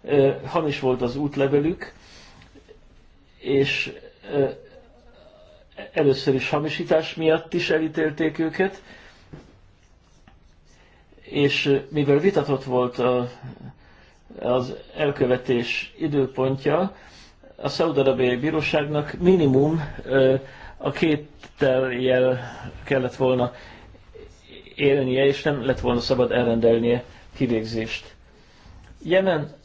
ö, hamis volt az útlevelük, és először is hamisítás miatt is elítélték őket, és mivel vitatott volt a, az elkövetés időpontja, a Szaudarabiai Bíróságnak minimum a két teljel kellett volna élnie, és nem lett volna szabad elrendelnie kivégzést. Jemen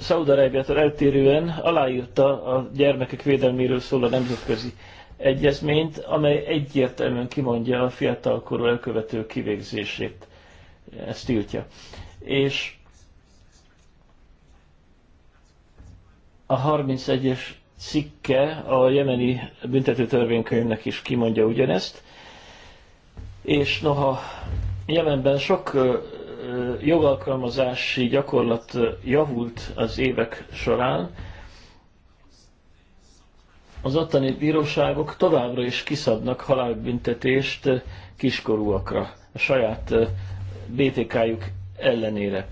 Szaudarábiától eltérően aláírta a gyermekek védelméről szóló nemzetközi egyezményt, amely egyértelműen kimondja a fiatalkorú elkövető kivégzését. Ezt tiltja. És a 31-es cikke a jemeni büntetőtörvénykönyvnek is kimondja ugyanezt, és noha Jemenben sok jogalkalmazási gyakorlat javult az évek során, az ottani bíróságok továbbra is kiszabnak halálbüntetést kiskorúakra, a saját BTK-juk ellenére.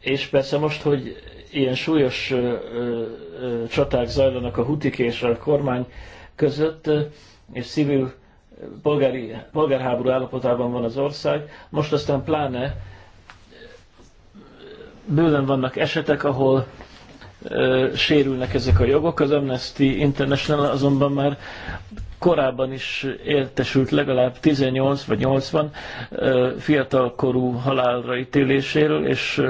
És persze most, hogy ilyen súlyos ö, ö, csaták zajlanak a hutik és a kormány között, és civil polgári, polgárháború állapotában van az ország, most aztán pláne eh, bőven vannak esetek, ahol ö, eh, sérülnek ezek a jogok. Az Amnesty International azonban már korábban is értesült legalább 18 vagy 80 ö, eh, fiatalkorú halálra ítéléséről, és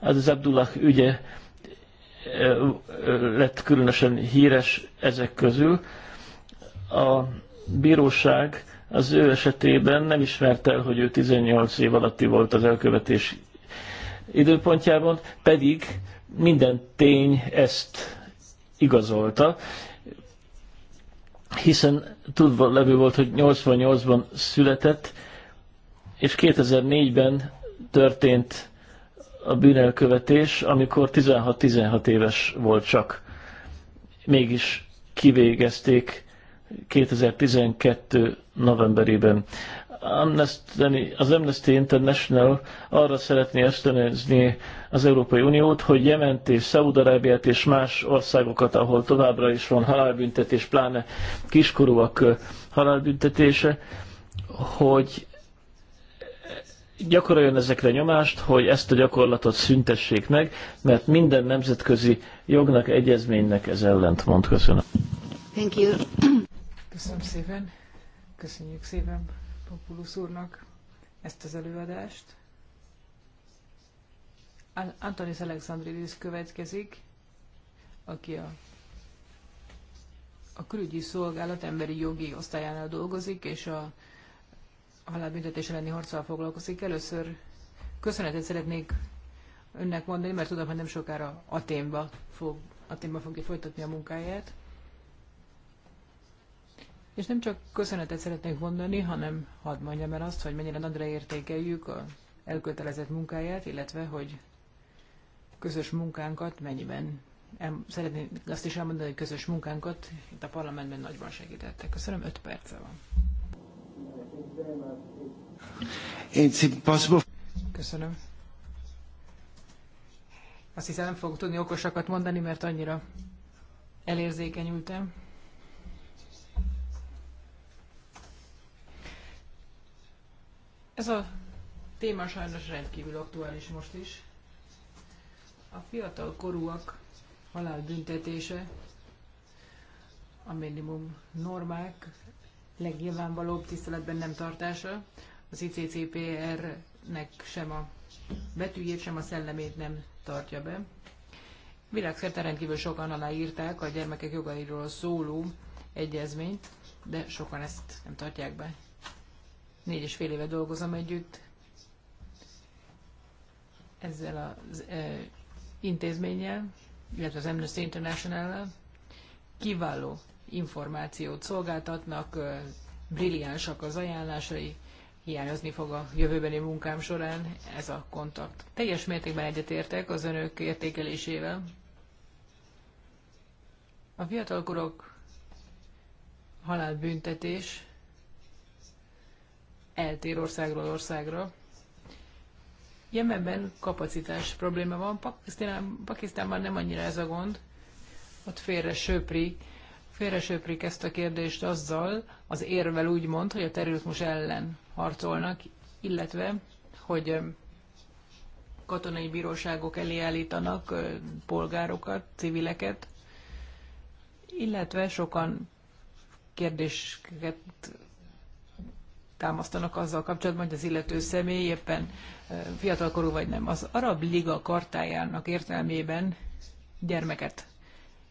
az az Abdullah ügye ö, lett különösen híres ezek közül. A bíróság az ő esetében nem ismerte el, hogy ő 18 év alatti volt az elkövetés időpontjában, pedig minden tény ezt igazolta, hiszen tudva levő volt, hogy 88-ban született, és 2004-ben történt a bűnelkövetés, amikor 16-16 éves volt csak. Mégis kivégezték 2012. novemberében. Az Amnesty International arra szeretné ösztönözni az Európai Uniót, hogy Jement és Szaúd-Arábiát és más országokat, ahol továbbra is van halálbüntetés, pláne kiskorúak halálbüntetése, hogy gyakoroljon ezekre nyomást, hogy ezt a gyakorlatot szüntessék meg, mert minden nemzetközi jognak, egyezménynek ez ellentmond. Köszönöm. Thank you. Köszönöm szépen. Köszönjük szépen Populusz úrnak ezt az előadást. Antonis Alexandridis következik, aki a, a külügyi szolgálat emberi jogi osztályánál dolgozik, és a halálbüntetés elleni harccal foglalkozik. Először köszönetet szeretnék önnek mondani, mert tudom, hogy nem sokára Aténba, fog, Aténba fogja folytatni a munkáját. És nem csak köszönetet szeretnék mondani, hanem hadd mondjam el azt, hogy mennyire nagyra értékeljük a elkötelezett munkáját, illetve hogy közös munkánkat mennyiben el, szeretnék azt is elmondani, hogy közös munkánkat itt a parlamentben nagyban segítettek. Köszönöm, öt perce van. Köszönöm. Azt hiszem nem fogok tudni okosakat mondani, mert annyira elérzékenyültem. Ez a téma sajnos rendkívül aktuális most is. A fiatal korúak halálbüntetése a minimum normák legnyilvánvalóbb tiszteletben nem tartása, az ICCPR-nek sem a betűjét, sem a szellemét nem tartja be. Világszerte rendkívül sokan aláírták a gyermekek jogairól szóló egyezményt, de sokan ezt nem tartják be. Négy és fél éve dolgozom együtt ezzel az e, intézménnyel, illetve az Amnesty International-el. Kiváló információt szolgáltatnak, e, brilliánsak az ajánlásai, hiányozni fog a jövőbeni munkám során ez a kontakt. Teljes mértékben egyetértek az önök értékelésével. A fiatalkorok halálbüntetés eltér országról országra. Jemenben kapacitás probléma van, Pakisztánban nem annyira ez a gond, ott félre söpri, félre söprik ezt a kérdést azzal, az érvel úgy mond, hogy a terrorizmus ellen harcolnak, illetve, hogy katonai bíróságok elé állítanak polgárokat, civileket, illetve sokan kérdéseket támasztanak azzal kapcsolatban, hogy az illető személy éppen fiatalkorú vagy nem. Az Arab Liga kartájának értelmében gyermeket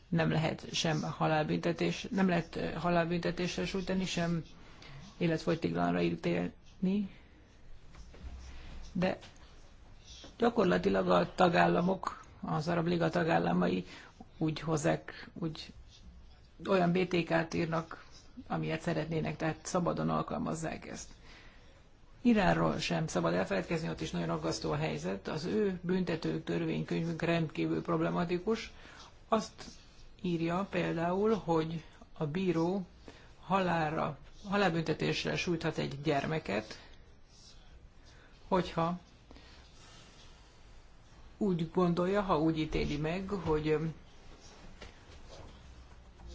nem lehet sem halálbüntetés, nem lehet halálbüntetésre sújtani, sem életfogytiglanra ítélni, de gyakorlatilag a tagállamok, az Arab Liga tagállamai úgy hozzák, úgy olyan BTK-t írnak amilyet szeretnének, tehát szabadon alkalmazzák ezt. Iránról sem szabad elfeledkezni, ott is nagyon aggasztó a helyzet. Az ő büntető törvénykönyvünk rendkívül problematikus. Azt írja például, hogy a bíró halálra, halálbüntetésre sújthat egy gyermeket, hogyha úgy gondolja, ha úgy ítéli meg, hogy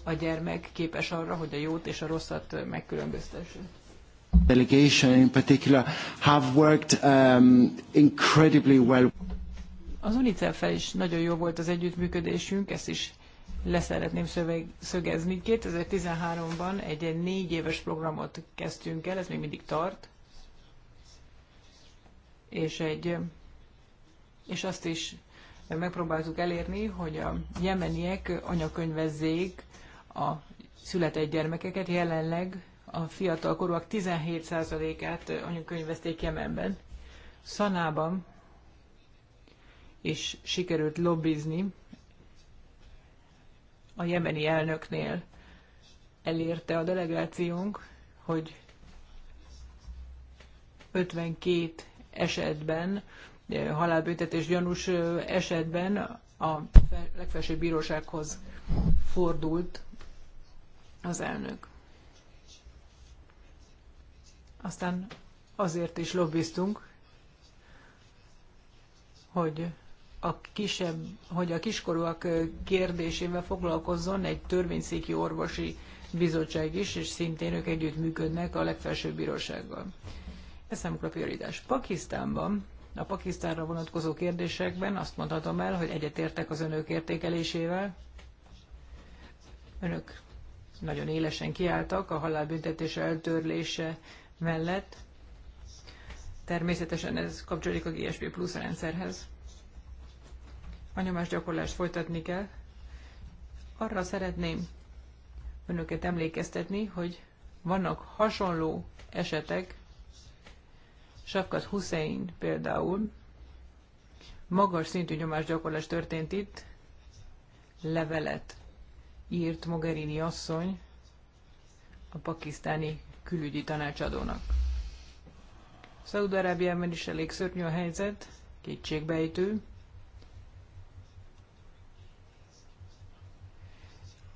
a gyermek képes arra, hogy a jót és a rosszat megkülönböztesse. Delegation in particular have worked um, incredibly well. Az unicef is nagyon jó volt az együttműködésünk, ezt is leszeretném szöveg, szögezni. 2013-ban egy négy éves programot kezdtünk el, ez még mindig tart, és, egy, és azt is megpróbáltuk elérni, hogy a jemeniek anyakönyvezzék a született gyermekeket. Jelenleg a korúak 17%-át anyukönyvezték Jemenben. Szanában és sikerült lobbizni a jemeni elnöknél. Elérte a delegációnk, hogy 52 esetben, halálbüntetés gyanús esetben a legfelsőbb bírósághoz fordult az elnök. Aztán azért is lobbiztunk, hogy a kisebb, hogy a kiskorúak kérdésével foglalkozzon egy törvényszéki orvosi bizottság is, és szintén ők együtt működnek a legfelsőbb bírósággal. Ez számukra prioritás. Pakisztánban a Pakisztánra vonatkozó kérdésekben azt mondhatom el, hogy egyetértek az önök értékelésével. Önök nagyon élesen kiálltak a halálbüntetés eltörlése mellett. Természetesen ez kapcsolódik a GSP plusz rendszerhez. A nyomásgyakorlást folytatni kell. Arra szeretném önöket emlékeztetni, hogy vannak hasonló esetek, Safkat Hussein például, magas szintű nyomásgyakorlás történt itt, levelet írt Mogherini asszony a pakisztáni külügyi tanácsadónak. Szaúd-Arábiában is elég szörnyű a helyzet, kétségbejtő.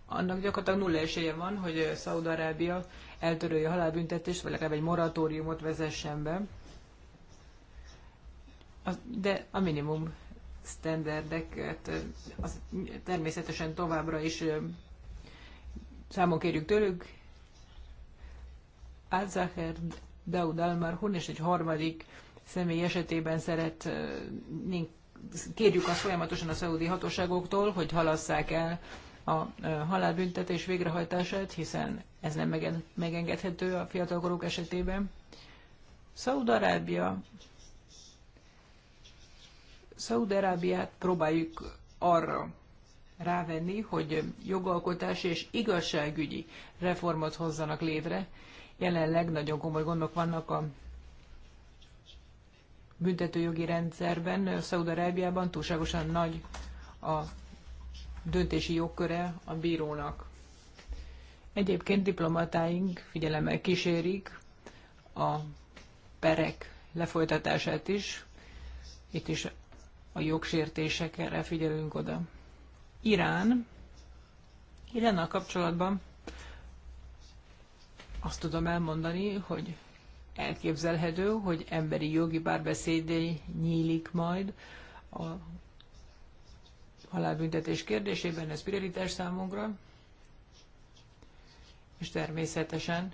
Annak gyakorlatilag nulla esélye van, hogy Szaúd-Arábia eltörölje a halálbüntetést, vagy legalább egy moratóriumot vezessen be. De a minimum sztenderdeket, az természetesen továbbra is számon kérjük tőlük. Álzacher Daud Almarhun és egy harmadik személy esetében szeretnénk kérjük azt folyamatosan a szaudi hatóságoktól, hogy halasszák el a halálbüntetés végrehajtását, hiszen ez nem megengedhető a fiatalkorok esetében. Szaúd-Arábia Szaudarábiát próbáljuk arra rávenni, hogy jogalkotás és igazságügyi reformot hozzanak létre. Jelenleg nagyon komoly gondok vannak a büntetőjogi rendszerben. Szaudarábiában túlságosan nagy a döntési jogköre a bírónak. Egyébként diplomatáink figyelemmel kísérik a perek lefolytatását is. Itt is a jogsértésekre figyelünk oda. Irán, Iránnal kapcsolatban azt tudom elmondani, hogy elképzelhető, hogy emberi jogi párbeszédé nyílik majd a halálbüntetés kérdésében, ez prioritás számunkra, és természetesen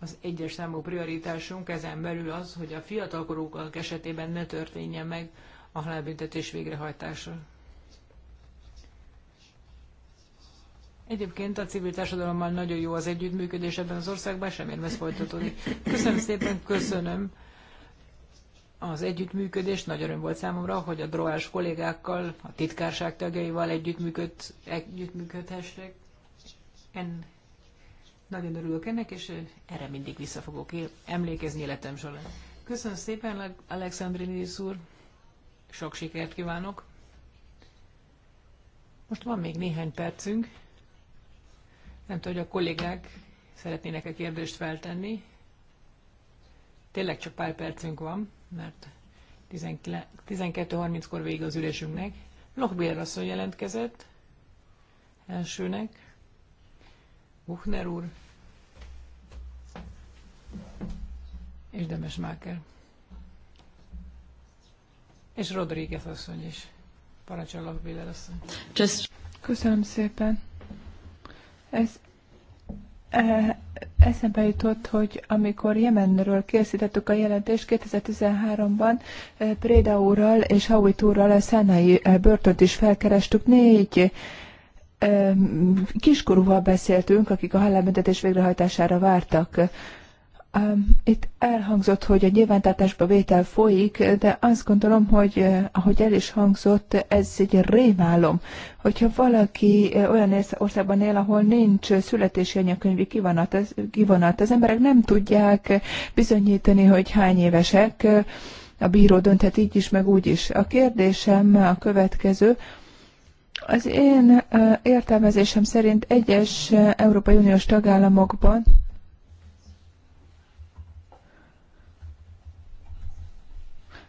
az egyes számú prioritásunk ezen belül az, hogy a fiatalkorúk esetében ne történjen meg a halálbüntetés végrehajtása. Egyébként a civil társadalommal nagyon jó az együttműködés ebben az országban, sem érmez folytatódik. Köszönöm szépen, köszönöm az együttműködést Nagy öröm volt számomra, hogy a droás kollégákkal, a titkárság tagjaival együttműköd, együttműködhessek. En, nagyon örülök ennek, és erre mindig vissza fogok emlékezni életem során. Köszönöm szépen, Alexandrinis úr! Sok sikert kívánok! Most van még néhány percünk. Nem tudom, hogy a kollégák szeretnének-e kérdést feltenni. Tényleg csak pár percünk van, mert 12.30-kor vége az ülésünknek. Lochbier asszony jelentkezett elsőnek. Buchner úr és Demes Máker. És Rodríguez asszony is. Parancsolok, Béler asszony. Just... Köszönöm szépen. Ez e, eszembe jutott, hogy amikor Jemenről készítettük a jelentést 2013-ban, e, Préda úrral és Hawit úrral a Szánai e, börtönt is felkerestük. Négy e, kiskorúval beszéltünk, akik a halálbüntetés végrehajtására vártak. Itt elhangzott, hogy a nyilvántartásba vétel folyik, de azt gondolom, hogy ahogy el is hangzott, ez egy rémálom. Hogyha valaki olyan országban él, ahol nincs születési anyakönyvi kivonat, kivonat, az emberek nem tudják bizonyítani, hogy hány évesek, a bíró dönthet így is, meg úgy is. A kérdésem a következő, az én értelmezésem szerint egyes Európai Uniós tagállamokban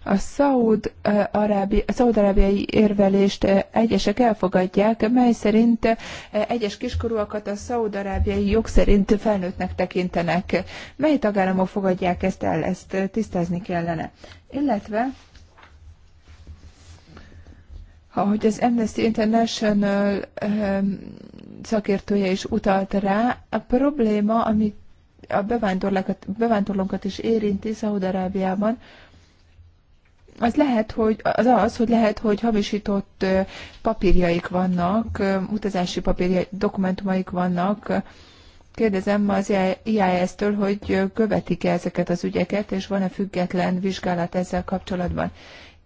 A Szaúd, eh, arábi, a arábiai érvelést eh, egyesek elfogadják, mely szerint eh, egyes kiskorúakat a Szaúd arábiai jog szerint felnőttnek tekintenek. Mely tagállamok fogadják ezt el? Ezt tisztázni kellene. Illetve ahogy az Amnesty International ehm, szakértője is utalt rá, a probléma, ami a bevándorlókat, bevándorlókat is érinti Szaúd-Arábiában, az lehet, hogy az az, hogy lehet, hogy hamisított papírjaik vannak, utazási papírjai, dokumentumaik vannak. Kérdezem az IAS-től, hogy követik-e ezeket az ügyeket, és van-e független vizsgálat ezzel kapcsolatban.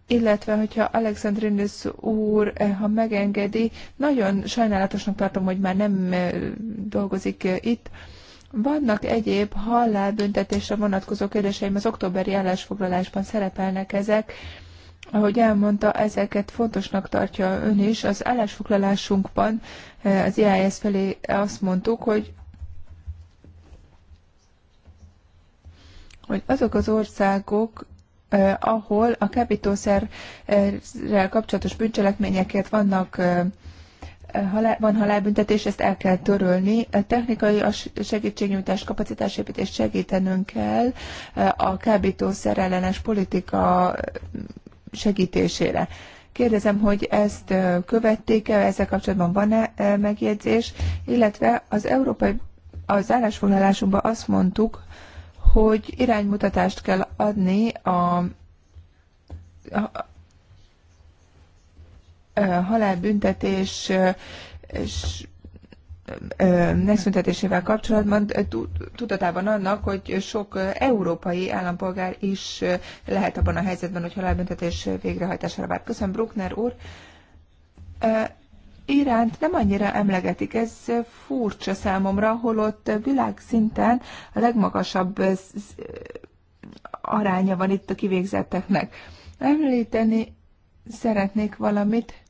Illetve, hogyha Alexandrinus úr, eh, ha megengedi, nagyon sajnálatosnak tartom, hogy már nem dolgozik itt, vannak egyéb halálbüntetésre vonatkozó kérdéseim, az októberi állásfoglalásban szerepelnek ezek. Ahogy elmondta, ezeket fontosnak tartja ön is. Az állásfoglalásunkban eh, az e IAS felé azt mondtuk, hogy hogy azok az országok, eh, ahol a kábítószerrel kapcsolatos bűncselekményekért vannak eh, halál, van halálbüntetés, ezt el kell törölni. A technikai segítségnyújtás, kapacitásépítést segítenünk kell eh, a kábítószer ellenes politika mm, segítésére. Kérdezem, hogy ezt eh, követték-e, ezzel kapcsolatban van-e eh, megjegyzés, illetve az európai, az állásfoglalásunkban azt mondtuk, hogy iránymutatást kell adni a, a halálbüntetés és megszüntetésével kapcsolatban tudatában annak, hogy sok európai állampolgár is lehet abban a helyzetben, hogy halálbüntetés végrehajtására vár. Köszönöm, Bruckner úr. Iránt nem annyira emlegetik, ez furcsa számomra, holott világszinten a legmagasabb aránya van itt a kivégzetteknek. Említeni szeretnék valamit,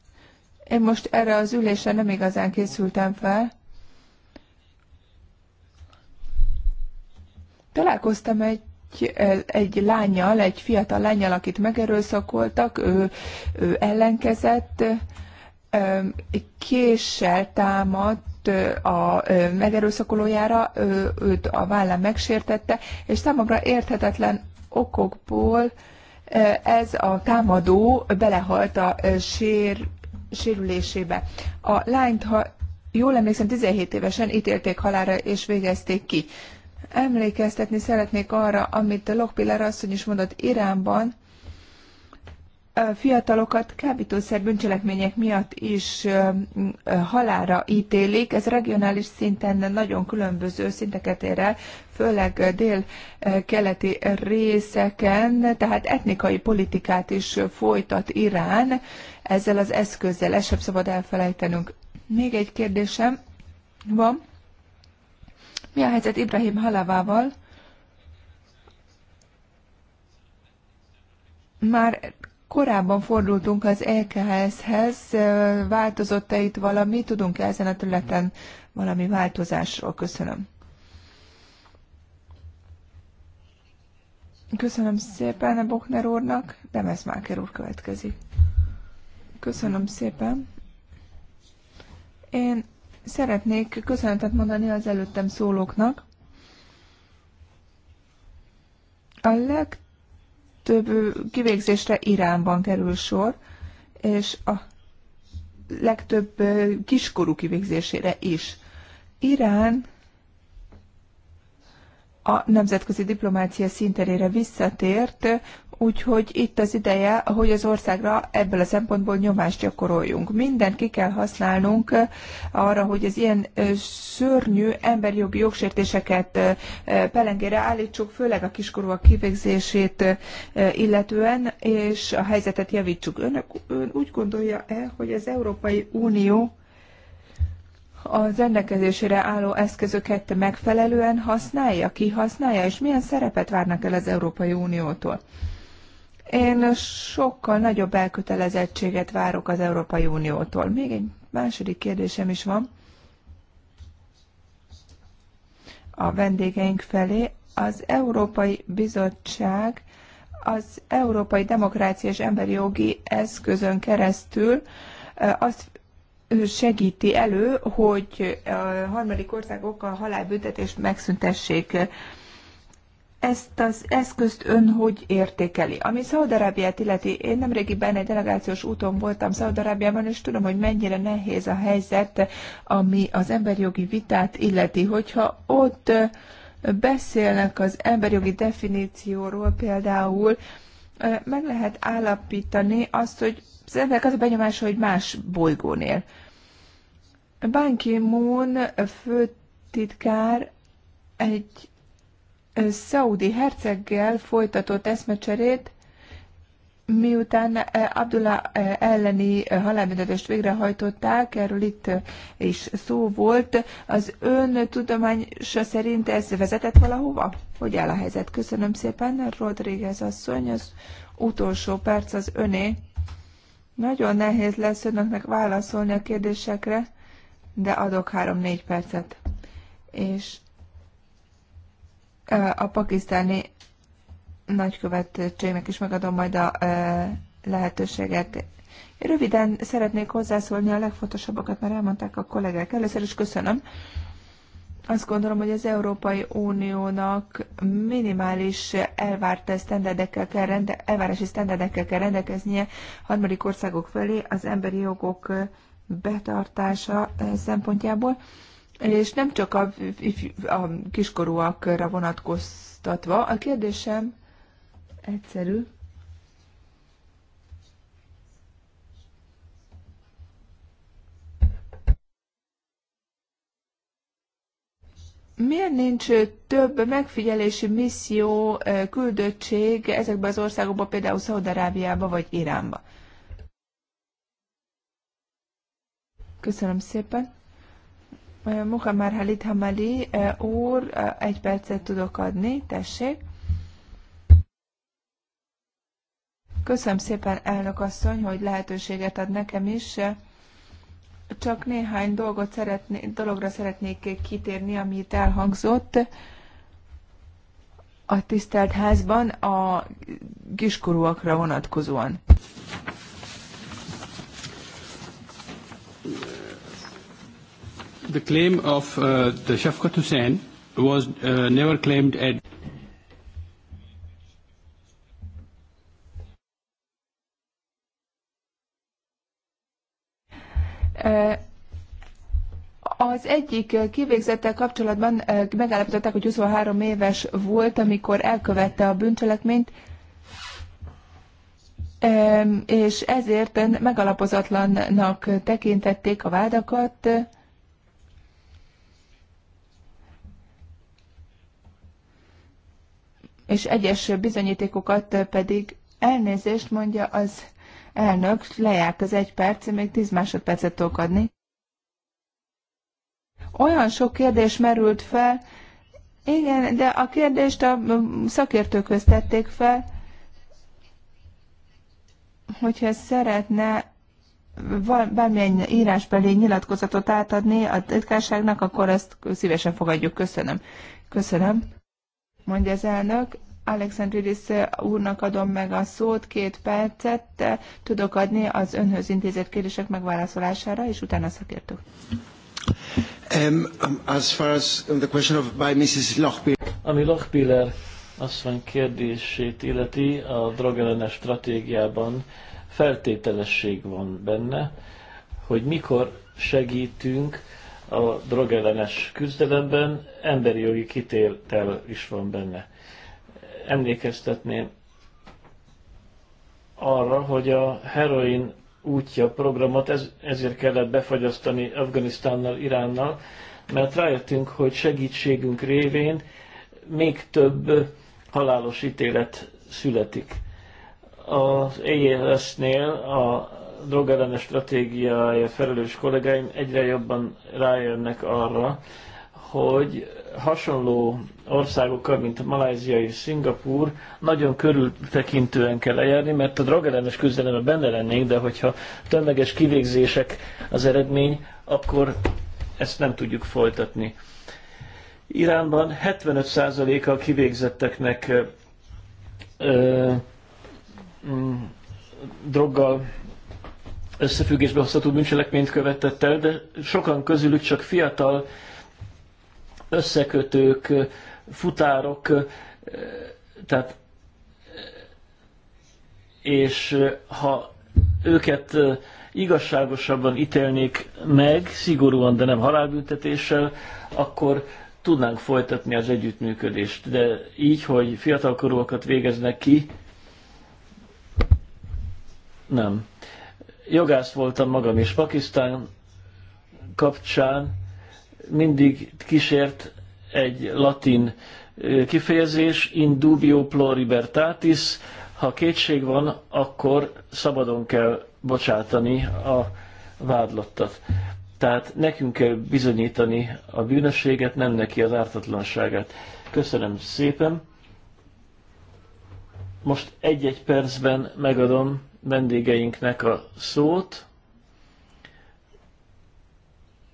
én most erre az ülésre nem igazán készültem fel. Találkoztam egy egy lányjal, egy fiatal lányjal, akit megerőszakoltak, ő, ő ellenkezett, késsel támadt a megerőszakolójára, őt a vállán megsértette, és számomra érthetetlen okokból ez a támadó belehalt a sér, sérülésébe. A lányt, ha jól emlékszem, 17 évesen ítélték halára és végezték ki. Emlékeztetni szeretnék arra, amit a Lokpiller asszony is mondott Iránban, fiatalokat kábítószer bűncselekmények miatt is halára ítélik. Ez regionális szinten nagyon különböző szinteket ér el, főleg dél-keleti részeken, tehát etnikai politikát is folytat Irán ezzel az eszközzel. Ezt sem szabad elfelejtenünk. Még egy kérdésem van. Mi a helyzet Ibrahim Halavával? Már korábban fordultunk az EKS-hez, változott-e itt valami? Tudunk-e ezen a területen valami változásról? Köszönöm. Köszönöm szépen a Bokner úrnak, Demes Máker úr következik. Köszönöm szépen. Én szeretnék köszönetet mondani az előttem szólóknak. A legtöbb kivégzésre Iránban kerül sor, és a legtöbb kiskorú kivégzésére is. Irán a nemzetközi diplomácia színterére visszatért, úgyhogy itt az ideje, hogy az országra ebből a szempontból nyomást gyakoroljunk. Mindent ki kell használnunk eh, arra, hogy az ilyen eh, szörnyű emberjogi jogsértéseket eh, pelengére állítsuk, főleg a kiskorúak kivégzését illetően, és a helyzetet javítsuk. Önök ön úgy gondolja-e, hogy az Európai Unió az rendelkezésére álló eszközöket megfelelően használja, kihasználja, és milyen szerepet várnak el az Európai Uniótól. Én sokkal nagyobb elkötelezettséget várok az Európai Uniótól. Még egy második kérdésem is van a vendégeink felé. Az Európai Bizottság az Európai Demokrácia és Emberi Jogi Eszközön keresztül azt segíti elő, hogy a harmadik országok a halálbüntetést megszüntessék. Ezt az eszközt ön hogy értékeli? Ami Szaudarábiát illeti, én nemrégiben egy delegációs úton voltam Szaudarábiában, és tudom, hogy mennyire nehéz a helyzet, ami az emberjogi vitát illeti, hogyha ott beszélnek az emberjogi definícióról például, meg lehet állapítani azt, hogy az emberek az a benyomása, hogy más bolygón él. Ban Ki-moon főtitkár egy szaudi herceggel folytatott eszmecserét, miután Abdullah elleni halálbüntetést végrehajtották, erről itt is szó volt, az ön tudomása szerint ez vezetett valahova? Hogy áll a helyzet? Köszönöm szépen, Rodríguez asszony, az utolsó perc az öné. Nagyon nehéz lesz önöknek válaszolni a kérdésekre de adok 3-4 percet. És a pakisztáni nagykövetségnek is megadom majd a lehetőséget. Röviden szeretnék hozzászólni, a legfontosabbakat mert elmondták a kollégák. Először is köszönöm. Azt gondolom, hogy az Európai Uniónak minimális elvárt sztenderdekkel kell rende, elvárási sztenderdekkel kell rendelkeznie harmadik országok felé az emberi jogok betartása eh, szempontjából, és nem csak a, a kiskorúakra vonatkoztatva. A kérdésem egyszerű. Miért nincs több megfigyelési misszió, eh, küldöttség Ezekben az országokban például Szaudarábiába vagy Iránba? Köszönöm szépen. Muhammad Halid Hamali úr, egy percet tudok adni, tessék. Köszönöm szépen, elnök asszony, hogy lehetőséget ad nekem is. Csak néhány dolgot szeretné, dologra szeretnék kitérni, amit elhangzott a tisztelt házban a kiskorúakra vonatkozóan. the claim of uh, the Shafqat Hussain was uh, never claimed at uh, az egyik uh, kivégzettel kapcsolatban uh, megállapították, hogy 23 éves volt, amikor elkövette a bűncselekményt, um, és ezért megalapozatlannak tekintették a vádakat. és egyes bizonyítékokat pedig elnézést mondja az elnök, lejárt az egy perc, még tíz másodpercet tudok adni. Olyan sok kérdés merült fel, igen, de a kérdést a szakértőköz tették fel, hogyha szeretne bármilyen írásbeli nyilatkozatot átadni a titkárságnak, akkor ezt szívesen fogadjuk. Köszönöm. Köszönöm mondja az elnök. Alexandridis úrnak adom meg a szót, két percet tudok adni az önhöz intézett kérdések megválaszolására, és utána szakértő. Um, um, as far as the question of by Mrs. Lochbiller. Ami Lochbiller asszony kérdését illeti, a drogellenes stratégiában feltételesség van benne, hogy mikor segítünk a drogellenes küzdelemben, emberi jogi kitéltel is van benne. Emlékeztetném arra, hogy a heroin útja programot ez, ezért kellett befagyasztani Afganisztánnal, Iránnal, mert rájöttünk, hogy segítségünk révén még több halálos ítélet születik. Az ELS-nél a drogellenes stratégiája felelős kollégáim egyre jobban rájönnek arra, hogy hasonló országokkal, mint Malázia és Szingapúr, nagyon körültekintően kell eljárni, mert a drogellenes küzdelemben benne lennénk, de hogyha tömeges kivégzések az eredmény, akkor ezt nem tudjuk folytatni. Iránban 75%-a a kivégzetteknek ö, mm, droggal összefüggésbe hozható bűncselekményt követett el, de sokan közülük csak fiatal összekötők, futárok, tehát és ha őket igazságosabban ítélnék meg, szigorúan, de nem halálbüntetéssel, akkor tudnánk folytatni az együttműködést. De így, hogy fiatalkorúakat végeznek ki, nem jogász voltam magam is. Pakisztán kapcsán mindig kísért egy latin kifejezés, in dubio libertatis", ha kétség van, akkor szabadon kell bocsátani a vádlottat. Tehát nekünk kell bizonyítani a bűnösséget, nem neki az ártatlanságát. Köszönöm szépen. Most egy-egy percben megadom vendégeinknek a szót.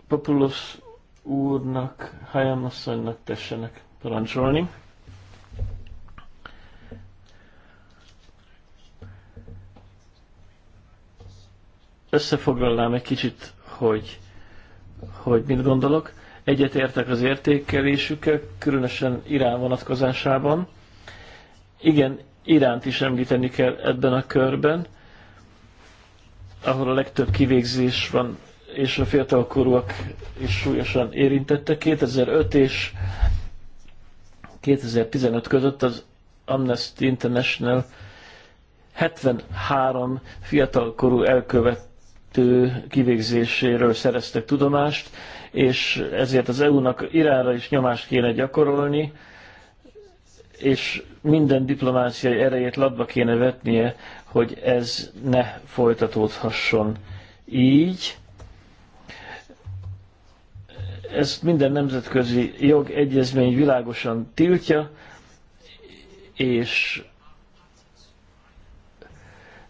Papulos úrnak, hajamasszonynak asszonynak tessenek parancsolni. Összefoglalnám egy kicsit, hogy, hogy mit gondolok. Egyetértek az értékelésükkel, különösen Irán vonatkozásában. Igen, Iránt is említeni kell ebben a körben ahol a legtöbb kivégzés van, és a fiatalkorúak is súlyosan érintettek. 2005 és 2015 között az Amnesty International 73 fiatalkorú elkövető kivégzéséről szereztek tudomást, és ezért az EU-nak irára is nyomást kéne gyakorolni, és minden diplomáciai erejét labba kéne vetnie hogy ez ne folytatódhasson így. Ezt minden nemzetközi jogegyezmény világosan tiltja, és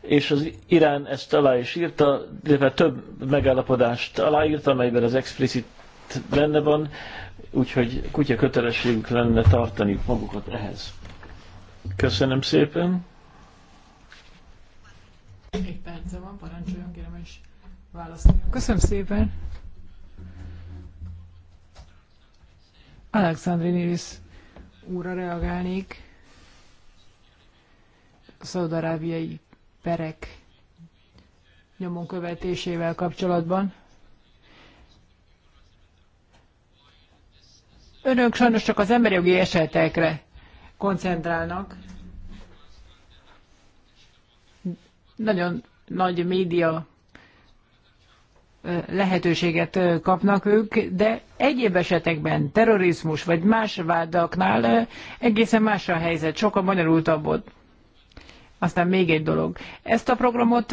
és az Irán ezt alá is írta, illetve több megállapodást aláírta, amelyben az explicit benne van, úgyhogy kutya kötelességük lenne tartani magukat ehhez. Köszönöm szépen. Egy perce van, parancsoljon, kérem, és válaszoljon. Köszönöm szépen. Alexandri Nilis úrra reagálnék. Szaudarábiai perek nyomon követésével kapcsolatban. Önök sajnos csak az emberi jogi esetekre koncentrálnak, Nagyon nagy média lehetőséget kapnak ők, de egyéb esetekben terrorizmus vagy más vádaknál egészen más a helyzet, sokkal bonyolultabb volt. Aztán még egy dolog. Ezt a programot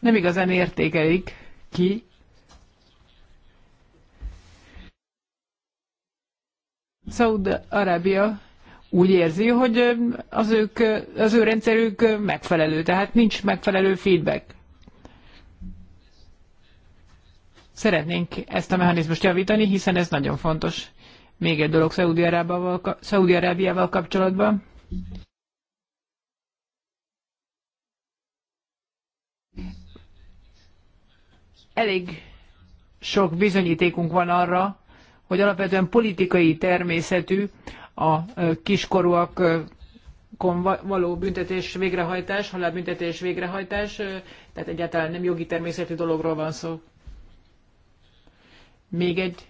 nem igazán értékelik ki. Szaud-Arábia úgy érzi, hogy az, ők, az ő rendszerük megfelelő, tehát nincs megfelelő feedback. Szeretnénk ezt a mechanizmust javítani, hiszen ez nagyon fontos. Még egy dolog Szaudi-Arábiával kapcsolatban. Elég sok bizonyítékunk van arra, hogy alapvetően politikai természetű a kiskorúak való büntetés végrehajtás, halálbüntetés végrehajtás, tehát egyáltalán nem jogi természetű dologról van szó. Még egy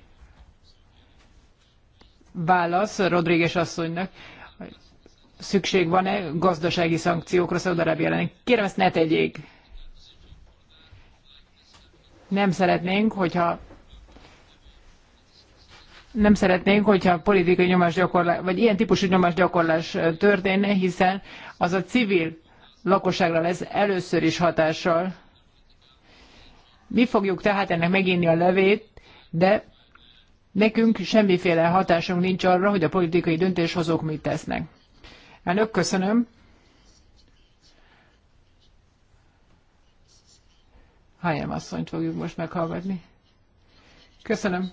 válasz Rodríguez asszonynak szükség van-e gazdasági szankciókra Szaudarábia jelenik? Kérem, ezt ne tegyék. Nem szeretnénk, hogyha nem szeretnénk, hogyha politikai nyomásgyakorlás, vagy ilyen típusú nyomásgyakorlás történne, hiszen az a civil lakosságra lesz először is hatással. Mi fogjuk tehát ennek meginni a levét, de nekünk semmiféle hatásunk nincs arra, hogy a politikai döntéshozók mit tesznek. Elnök, köszönöm. Hájem asszonyt fogjuk most meghallgatni. Köszönöm.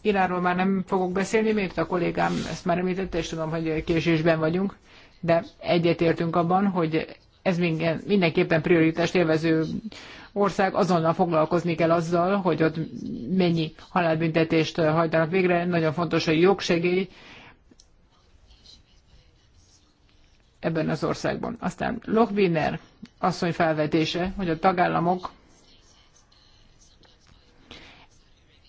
Iránról már nem fogok beszélni, mert a kollégám ezt már említette, és tudom, hogy késésben vagyunk, de egyetértünk abban, hogy ez mindenképpen prioritást élvező ország, azonnal foglalkozni kell azzal, hogy ott mennyi halálbüntetést hajtanak végre. Nagyon fontos a jogsegély ebben az országban. Aztán Lochbiner asszony felvetése, hogy a tagállamok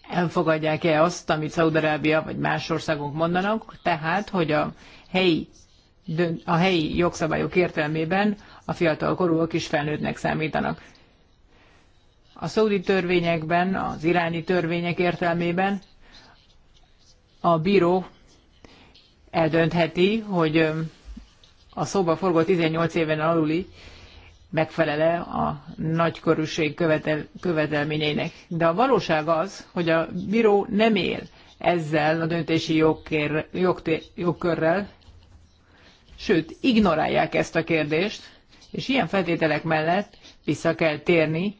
elfogadják-e azt, amit Szaudarábia vagy más országok mondanak, tehát, hogy a helyi, a helyi jogszabályok értelmében a fiatal korúak is felnőttnek számítanak. A szaudi törvényekben, az iráni törvények értelmében a bíró eldöntheti, hogy a szóba forgó 18 éven aluli megfelele a nagykorúség követel, követelményének. De a valóság az, hogy a bíró nem él ezzel a döntési jogkér, jogté, jogkörrel, sőt, ignorálják ezt a kérdést, és ilyen feltételek mellett vissza kell térni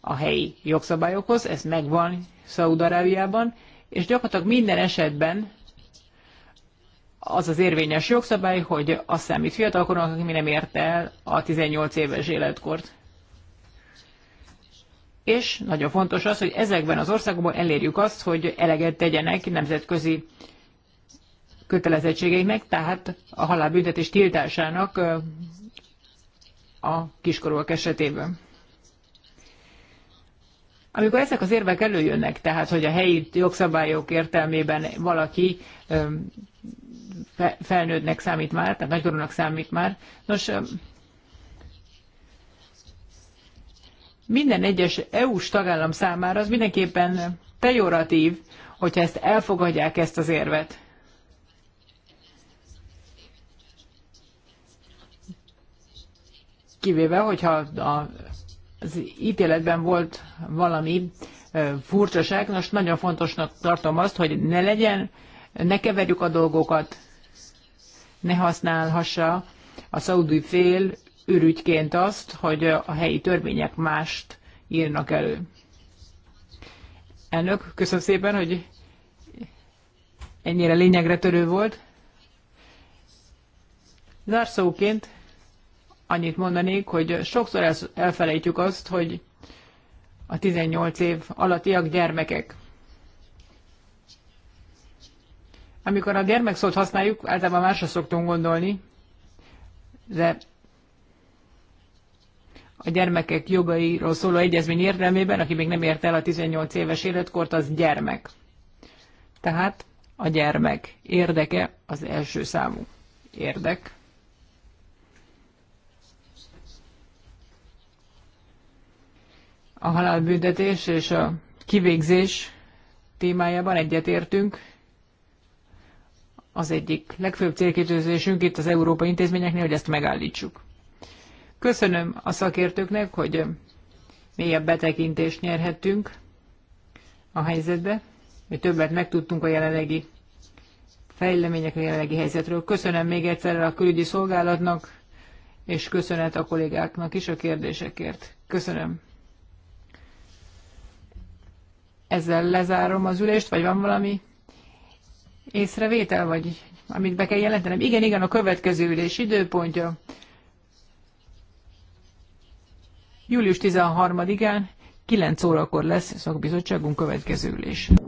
a helyi jogszabályokhoz, ez megvan Szaúd-Arábiában, és gyakorlatilag minden esetben az az érvényes jogszabály, hogy azt számít fiatalkornak, aki mi nem ért el a 18 éves életkort. És nagyon fontos az, hogy ezekben az országokban elérjük azt, hogy eleget tegyenek nemzetközi kötelezettségeiknek, tehát a halálbüntetés tiltásának a kiskorúak esetében. Amikor ezek az érvek előjönnek, tehát hogy a helyi jogszabályok értelmében valaki felnőttnek számít már, tehát nagykorúnak számít már. Nos, minden egyes EU-s tagállam számára az mindenképpen pejoratív, hogyha ezt elfogadják ezt az érvet. Kivéve, hogyha az ítéletben volt valami furcsaság, most nagyon fontosnak tartom azt, hogy ne legyen, ne keverjük a dolgokat, ne használhassa a szaudi fél ürügyként azt, hogy a helyi törvények mást írnak elő. Elnök, köszönöm szépen, hogy ennyire lényegre törő volt. Zárszóként annyit mondanék, hogy sokszor elfelejtjük azt, hogy a 18 év alattiak gyermekek. Amikor a gyermekszót használjuk, általában másra szoktunk gondolni, de a gyermekek jogairól szóló egyezmény értelmében, aki még nem ért el a 18 éves életkort, az gyermek. Tehát a gyermek érdeke az első számú érdek. A halálbüntetés és a kivégzés témájában egyetértünk, az egyik legfőbb célkitűzésünk itt az európai intézményeknél, hogy ezt megállítsuk. Köszönöm a szakértőknek, hogy mélyebb betekintést nyerhettünk a helyzetbe, hogy többet megtudtunk a jelenlegi fejlemények, a jelenlegi helyzetről. Köszönöm még egyszer a külügyi szolgálatnak, és köszönet a kollégáknak is a kérdésekért. Köszönöm. Ezzel lezárom az ülést, vagy van valami észrevétel, vagy amit be kell jelentenem? Igen, igen, a következő ülés időpontja. Július 13-án 9 órakor lesz szakbizottságunk következő ülés.